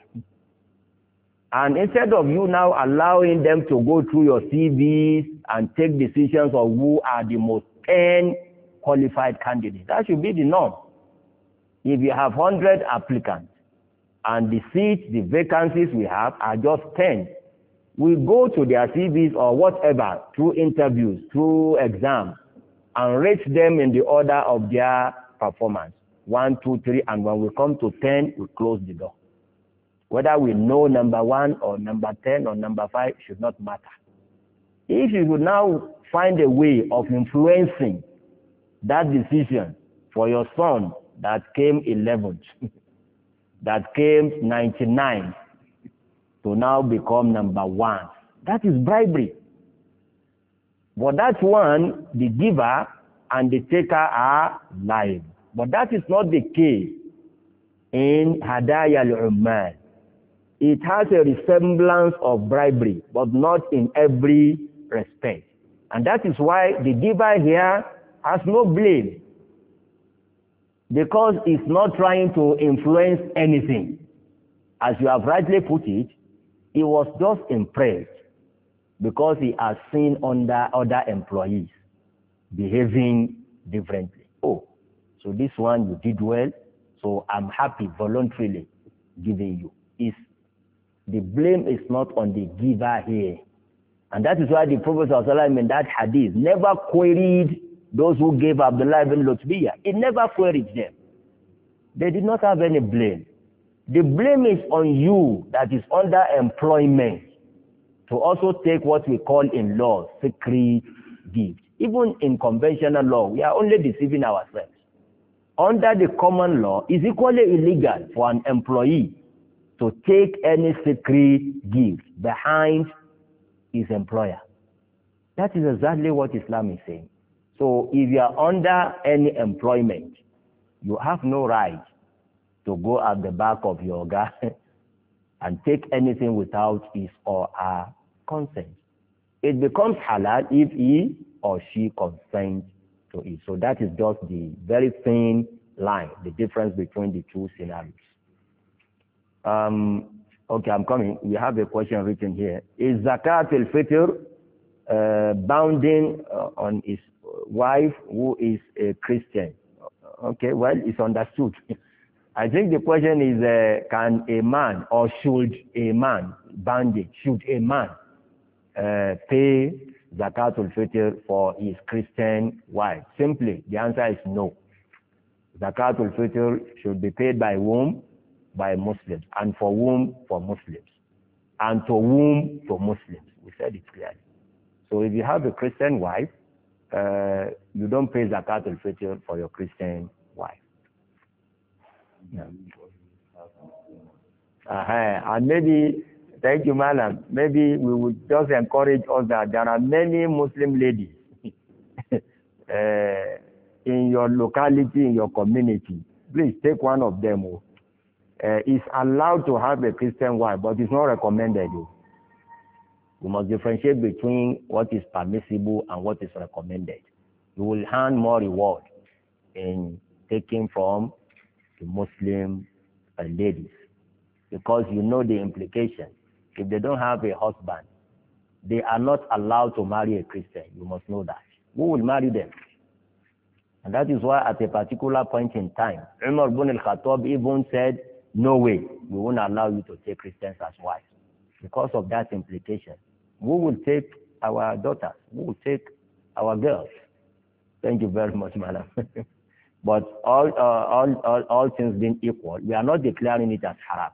And instead of you now allowing them to go through your CVs and take decisions of who are the most 10 qualified candidates, that should be the norm. If you have 100 applicants, and the seats, the vacancies we have are just 10. We go to their CVs or whatever through interviews, through exams, and rate them in the order of their performance. One, two, three, and when we come to 10, we close the door. Whether we know number one or number 10 or number five should not matter. If you could now find a way of influencing that decision for your son that came 11th, (laughs) that came 99 to now become number one. That is bribery. But that one, the giver and the taker are live. But that is not the case in Hadaya al-Ummal. It has a resemblance of bribery, but not in every respect. And that is why the giver here has no blame because it's not trying to influence anything. As you have rightly put it, he was just impressed because he has seen under other employees behaving differently. Oh, so this one you did well, so I'm happy voluntarily giving you. Is the blame is not on the giver here. And that is why the Prophet in that hadith never queried Those who gave Abdullah ibn Lutbiya, it never queried them. They did not have any blame. The blame is on you that is under employment to also take what we call in law secret gift. Even in conventional law, we are only deceiving ourselves. Under the common law, it's equally illegal for an employee to take any secret gift behind his employer. That is exactly what Islam is saying. So if you are under any employment, you have no right to go at the back of your (laughs) guy and take anything without his or her consent. It becomes halal if he or she consents to it. So that is just the very thin line, the difference between the two scenarios. Um, okay, I'm coming. We have a question written here. Is zakat al-fitr uh, bounding uh, on its wife who is a Christian? Okay, well, it's understood. I think the question is, uh, can a man or should a man, bandit, should a man uh, pay zakatul fitr for his Christian wife? Simply, the answer is no. Zakatul fitr should be paid by whom? By Muslims. And for whom? For Muslims. And to whom? For Muslims. We said it clearly. So if you have a Christian wife, uh, you don't pay zakat al-fitr for your Christian wife. Yeah. Uh-huh. And maybe, thank you, madam, maybe we would just encourage us that there are many Muslim ladies (laughs) uh, in your locality, in your community. Please take one of them. Oh. Uh, it's allowed to have a Christian wife, but it's not recommended. Oh. You must differentiate between what is permissible and what is recommended. You will earn more reward in taking from the Muslim ladies because you know the implication. If they don't have a husband, they are not allowed to marry a Christian. You must know that. Who will marry them? And that is why at a particular point in time, Umar ibn al-Khattab even said, no way, we won't allow you to take Christians as wives because of that implication. we will take our daughters? We will take our girls? Thank you very much, madam. (laughs) but all, uh, all, all, all things being equal, we are not declaring it as haram.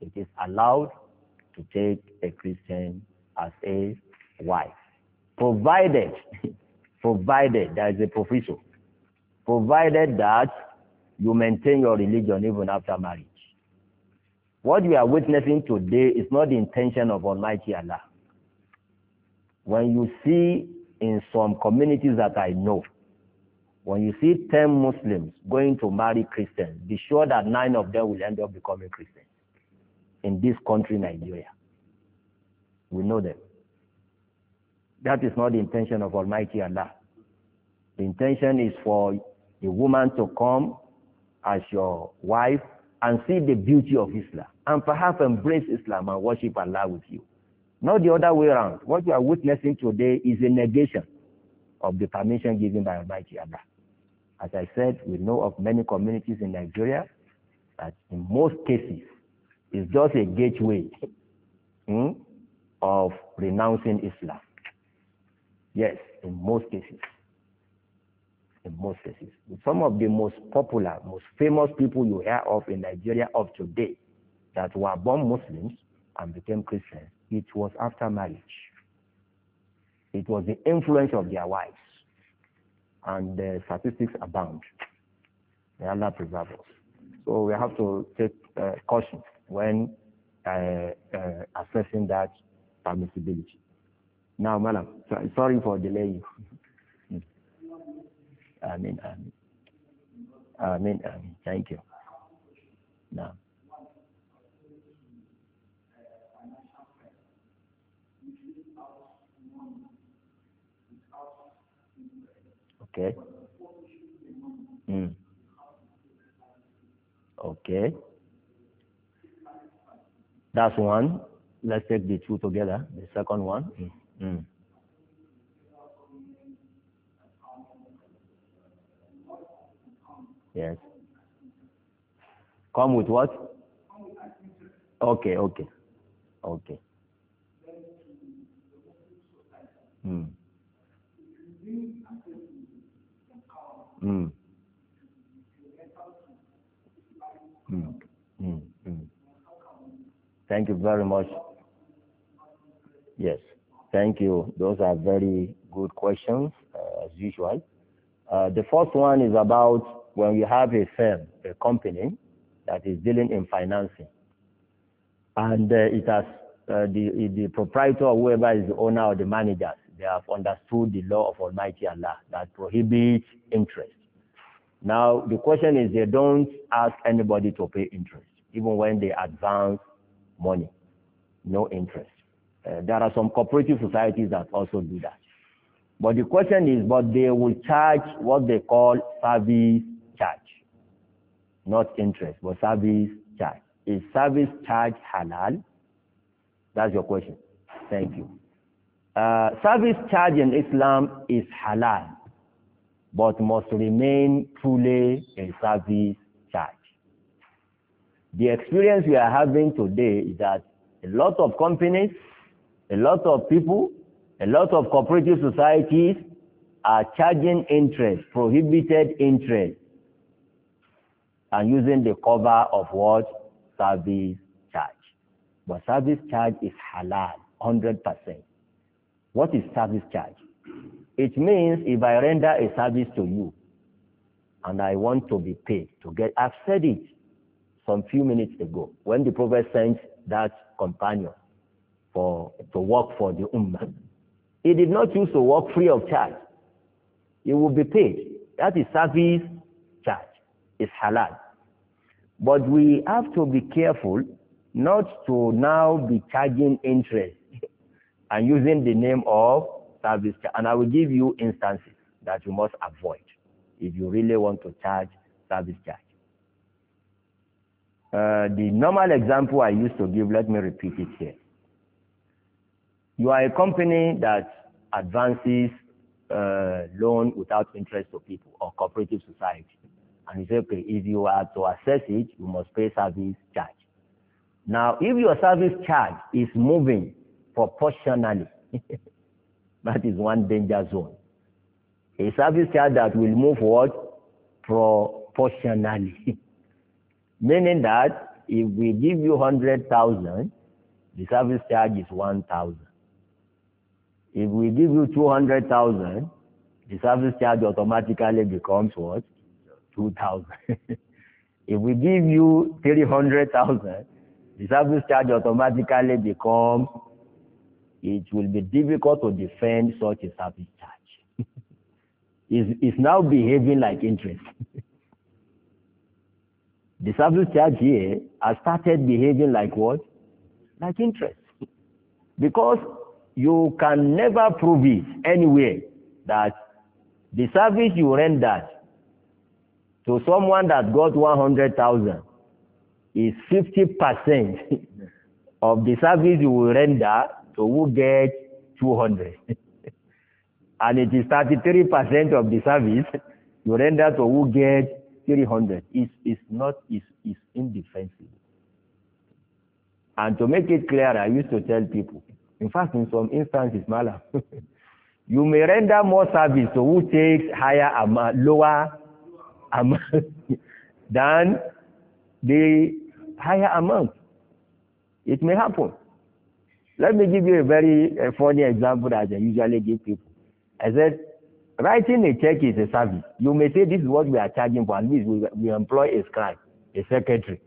It is allowed to take a Christian as a wife, provided, (laughs) provided there is a proviso, provided that you maintain your religion even after marriage. What you are witnessing today is not the intention of Almighty Allah. When you see in some communities that I know, when you see 10 Muslims going to marry Christians, be sure that nine of them will end up becoming Christians in this country, Nigeria. We know them. That is not the intention of Almighty Allah. The intention is for a woman to come as your wife and see the beauty of Islam and perhaps embrace Islam and worship Allah with you. Not the other way around. What you are witnessing today is a negation of the permission given by Almighty Allah. As I said, we know of many communities in Nigeria that in most cases is just a gateway hmm, of renouncing Islam. Yes, in most cases in most cases. Some of the most popular, most famous people you hear of in Nigeria of today that were born Muslims and became Christians, it was after marriage. It was the influence of their wives. And the statistics abound. They are not preserve So we have to take uh, caution when uh, uh, assessing that permissibility. Now, madam, sorry for delaying Amin, amin. Amin, amin. Thank you. Now. Okay. Hmm. Okay. That's one. Let's take the two together. The second one. Mm. Mm. Yes. Come with what? Okay, okay. Okay. Hmm. Hmm. Hmm. Hmm. Hmm. Thank you very much. Yes. Thank you. Those are very good questions, uh, as usual. Uh, the first one is about when you have a firm, a company that is dealing in financing, and uh, it has uh, the the proprietor, whoever is the owner or the managers, they have understood the law of Almighty Allah that prohibits interest. Now the question is, they don't ask anybody to pay interest, even when they advance money, no interest. Uh, there are some cooperative societies that also do that. But the question is, but they will charge what they call service charge, not interest, but service charge. Is service charge halal? That's your question. Thank you. Uh, service charge in Islam is halal, but must remain truly a service charge. The experience we are having today is that a lot of companies, a lot of people, a lot of cooperative societies are charging interest, prohibited interest, and using the cover of what? Service charge. But service charge is halal, 100%. What is service charge? It means if I render a service to you and I want to be paid to get, I've said it some few minutes ago when the Prophet sent that companion for, to work for the Ummah. He did not choose to work free of charge. He will be paid. That is service charge. It's halal. But we have to be careful not to now be charging interest (laughs) and using the name of service. And I will give you instances that you must avoid if you really want to charge service charge. Uh, the normal example I used to give, let me repeat it here. You are a company that advances uh, loan without interest to people or cooperative society. And he said, okay, if you are to access it, you must pay service charge. Now, if your service charge is moving proportionally, (laughs) that is one danger zone. A service charge that will move what? Proportionally. (laughs) Meaning that if we give you 100,000, the service charge is 1,000. If we give you 200,000, the service charge automatically becomes what? 2,000. (laughs) if we give you 300,000, the service charge automatically becomes, it will be difficult to defend such a service charge. (laughs) it's, it's now behaving like interest. (laughs) the service charge here has started behaving like what? Like interest. because you can never prove it anywhere that the service you rendered So someone that got one hundred thousand is fifty percent (laughs) of the service you will render to who get two hundred. (laughs) and it is thirty three percent of the service you render to who get three hundred. It's, it's not, it's, it's indefensible. And to make it clear, I used to tell people, in fact, in some instances, Mala, (laughs) you may render more service to who takes higher amount, lower amount than the higher amount. It may happen. Let me give you a very uh, funny example that I usually give people. I said, writing a check is a service. You may say this is what we are charging for, At least we, we employ a scribe, a secretary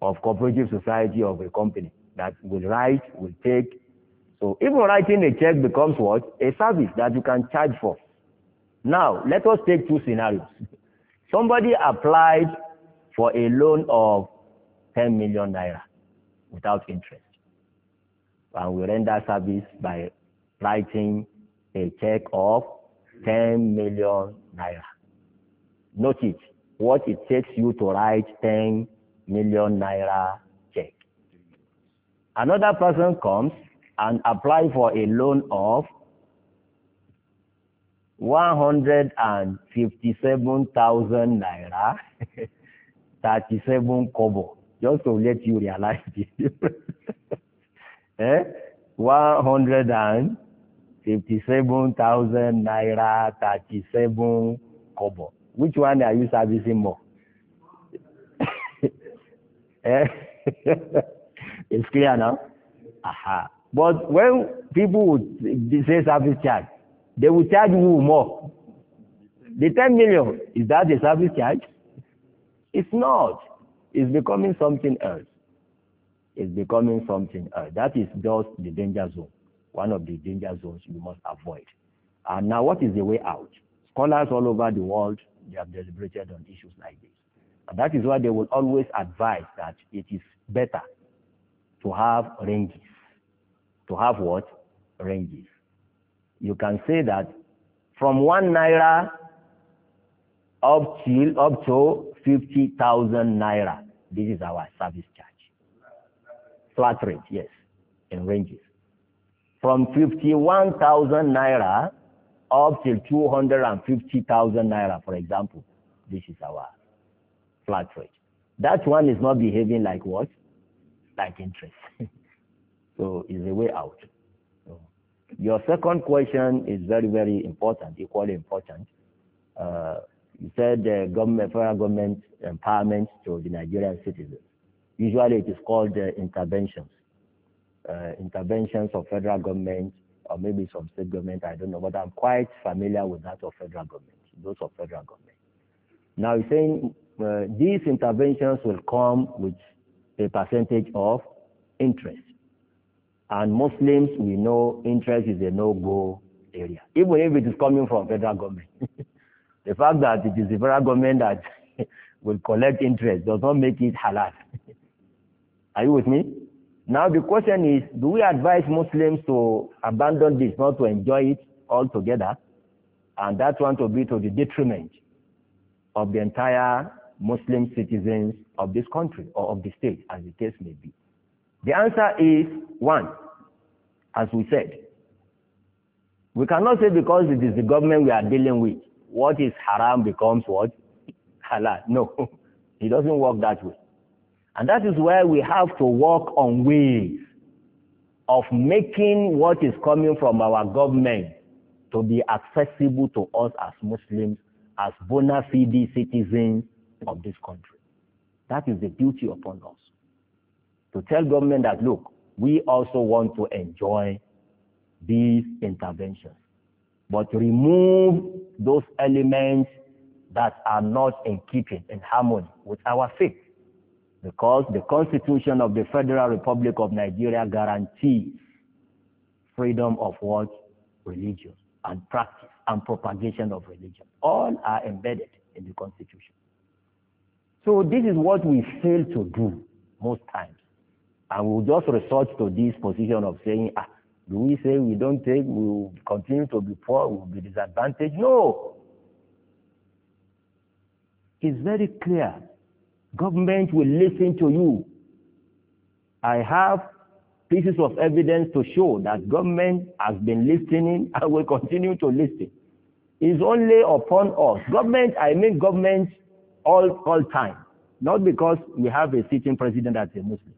of cooperative society of a company that will write, will take. So even writing a check becomes what? A service that you can charge for. Now, let us take two scenarios. Somebody applied for a loan of 10 million naira without interest. And we render service by writing a check of 10 million naira. Note it, what it takes you to write 10 million naira check. Another person comes and apply for a loan of one hundred and fifty-seven thousand naira (laughs) thirty-seven kobo just to let you realize the (laughs) eh one hundred and fifty-seven thousand naira thirty-seven kobo which one are you servicing more (laughs) eh it's clear now aha but when people would say service charge They will charge you more. The 10 million, is that the service charge? It's not. It's becoming something else. It's becoming something else. That is just the danger zone. One of the danger zones you must avoid. And now what is the way out? Scholars all over the world, they have deliberated on issues like this. And that is why they will always advise that it is better to have ranges. To have what? Ranges you can say that from one naira up till up to fifty thousand naira. This is our service charge. Flat rate, yes, in ranges. From fifty-one thousand naira up till two hundred and fifty thousand naira, for example. This is our flat rate. That one is not behaving like what? Like interest. (laughs) so it's a way out. Your second question is very, very important, equally important. Uh, you said the government, federal government empowerment to the Nigerian citizens. Usually it is called interventions. Uh, interventions of federal government or maybe some state government, I don't know, but I'm quite familiar with that of federal government, those of federal government. Now you're saying uh, these interventions will come with a percentage of interest. And Muslims, we know interest is a no-go area, even if it is coming from federal government. (laughs) the fact that it is the federal government that (laughs) will collect interest does not make it halal. (laughs) Are you with me? Now the question is, do we advise Muslims to abandon this, not to enjoy it altogether? And that one to be to the detriment of the entire Muslim citizens of this country or of the state, as the case may be. The answer is one, as we said. We cannot say because it is the government we are dealing with, what is haram becomes what? Halal. No, (laughs) it doesn't work that way. And that is where we have to work on ways of making what is coming from our government to be accessible to us as Muslims, as bona fide citizens of this country. That is the duty upon us to tell government that, look, we also want to enjoy these interventions. But remove those elements that are not in keeping, in harmony with our faith. Because the Constitution of the Federal Republic of Nigeria guarantees freedom of what? Religion and practice and propagation of religion. All are embedded in the Constitution. So this is what we fail to do most times. And we'll just resort to this position of saying, ah, do we say we don't take, we'll continue to be poor, we'll be disadvantaged? No. It's very clear. Government will listen to you. I have pieces of evidence to show that government has been listening (laughs) and will continue to listen. It's only upon us. Government, I mean government all, all time. Not because we have a sitting president that's a Muslim.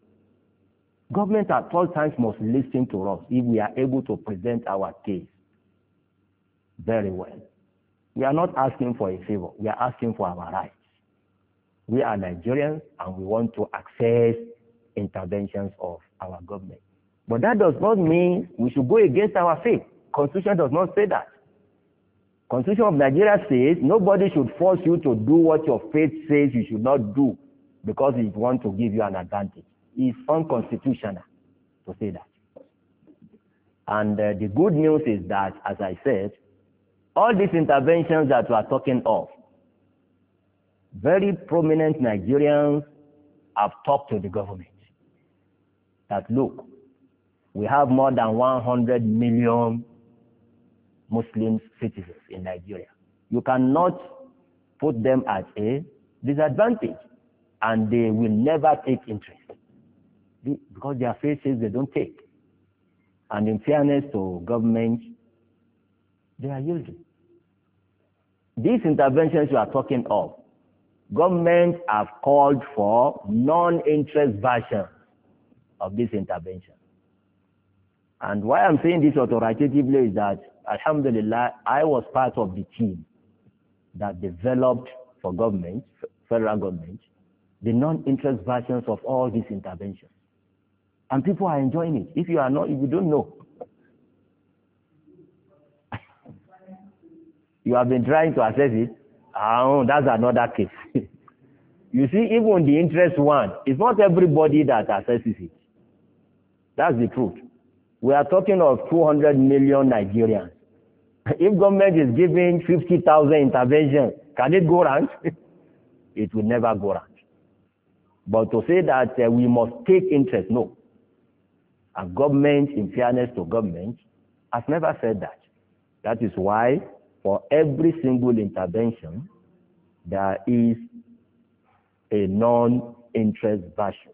Government at all times must listen to us if we are able to present our case very well. We are not asking for a favor. We are asking for our rights. We are Nigerians and we want to access interventions of our government. But that does not mean we should go against our faith. Constitution does not say that. Constitution of Nigeria says nobody should force you to do what your faith says you should not do because it wants to give you an advantage. is unconstitutional to say that. And uh, the good news is that, as I said, all these interventions that we are talking of, very prominent Nigerians have talked to the government that, look, we have more than 100 million Muslim citizens in Nigeria. You cannot put them at a disadvantage, and they will never take interest because their faces, they don't take. And in fairness to government, they are yielding. These interventions you are talking of, governments have called for non-interest versions of this intervention. And why I'm saying this authoritatively is that, alhamdulillah, I was part of the team that developed for government, federal government, the non-interest versions of all these interventions. And people are enjoying it. If you are not, if you don't know, (laughs) you have been trying to assess it. Ah, oh, that's another case. (laughs) you see, even the interest one, it's not everybody that assesses it. That's the truth. We are talking of 200 million Nigerians. (laughs) If government is giving 50,000 interventions, can it go wrong? it will never go wrong. But to say that uh, we must take interest, no. And government, in fairness to government, has never said that. That is why for every single intervention, there is a non-interest version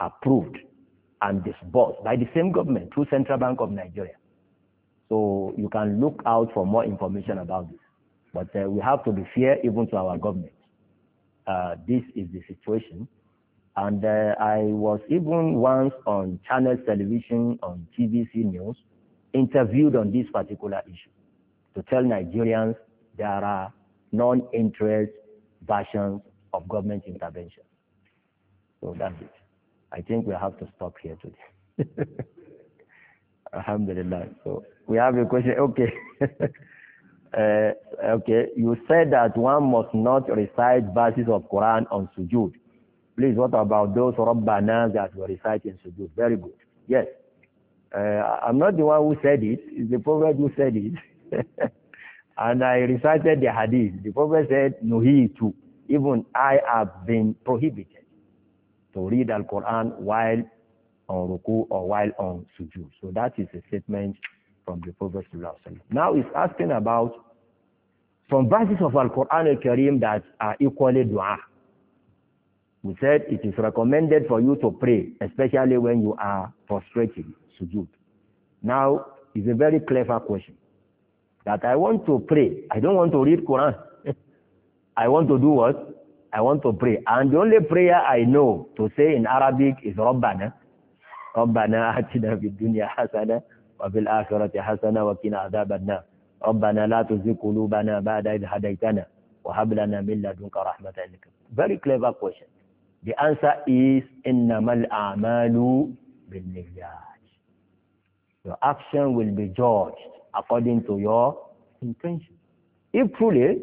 approved and disbursed by the same government through Central Bank of Nigeria. So you can look out for more information about this. But uh, we have to be fair even to our government. Uh, this is the situation. And uh, I was even once on channel television on TBC News, interviewed on this particular issue to tell Nigerians there are non-interest versions of government intervention. So that's it. I think we have to stop here today. (laughs) Alhamdulillah. So we have a question. Okay. (laughs) uh, okay. You said that one must not recite verses of Quran on sujud Please, what about those Rabbana that were reciting sujood? Very good. Yes. Uh, I'm not the one who said it. It's the Prophet who said it. (laughs) and I recited the hadith. The Prophet said, Nuhi too. Even I have been prohibited to read Al-Quran while on ruku or while on sujood. So that is a statement from the Prophet Now he's asking about from verses of Al-Quran al-Karim that are equally dua. We said it is recommended for you to pray, especially when you are prostrating, sujood. Now, it's a very clever question. That I want to pray. I don't want to read Quran. (laughs) I want to do what? I want to pray. And the only prayer I know to say in Arabic is Rabbana. ربنا آتنا في الدنيا hasana وفي الآخرة حسنة وقنا عذاب النار ربنا لا تزغ قلوبنا بعد إذ هديتنا wa لنا من لدنك رحمة very clever question the answer is innamal a'malu bin Your action will be judged according to your intention. If truly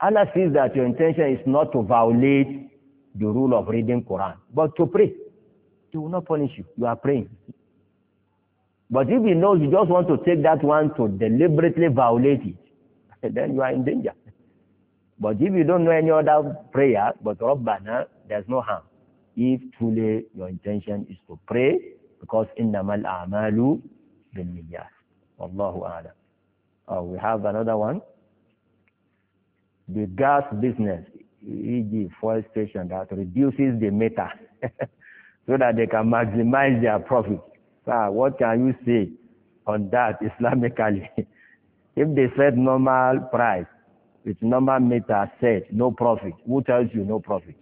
Allah sees that your intention is not to violate the rule of reading Quran, but to pray, He will not punish you. You are praying. But if He knows you just want to take that one to deliberately violate it, (laughs) then you are in danger. But if you don't know any other prayer but Rabbana, there's no harm. If truly your intention is to pray, because innamal a'malu bin niyyat. Allahu Oh, we have another one. The gas business, e.g. fuel station that reduces the meter (laughs) so that they can maximize their profit. Sir, what can you say on that (laughs) Islamically? if they set normal price, it's number meter said, no profit. Who tells you no profit?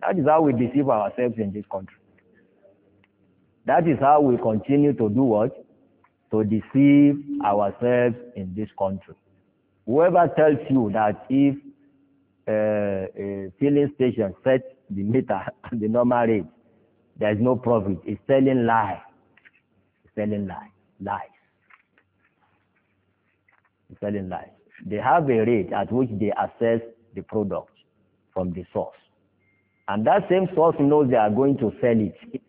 That is how we deceive ourselves in this country. That is how we continue to do what? To deceive ourselves in this country. Whoever tells you that if uh, a filling station sets the meter at (laughs) the normal rate, there is no profit, is telling lie. It's telling lie. Lies. It's telling lies they have a rate at which they assess the product from the source. And that same source knows they are going to sell it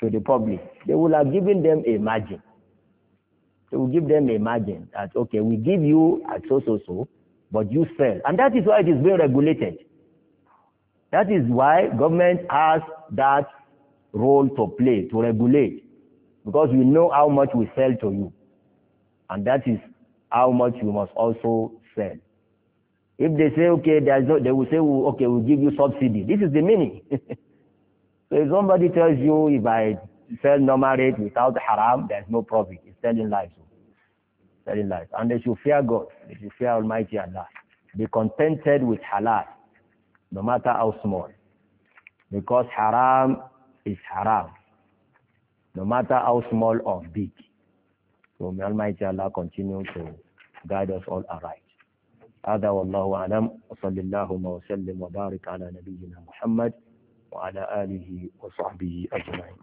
to the public. They will have given them a margin. They will give them a margin that, okay, we give you at so, so, so, but you sell. And that is why it is being regulated. That is why government has that role to play, to regulate, because we know how much we sell to you. And that is how much you must also sell. If they say, okay, there's no, they will say, oh, okay, we'll give you subsidy. This is the meaning. (laughs) so if somebody tells you, if I sell normal rate without haram, there's no profit. It's selling lies. Selling lies. And they should fear God. They should fear Almighty Allah. Be contented with halal, no matter how small. Because haram is haram, no matter how small or big may Almighty Allah continue to guide us all aright. Ada wallahu alam, sallallahu wa barik ala nabiyyina Muhammad wa ala alihi wa sahbihi ajma'in.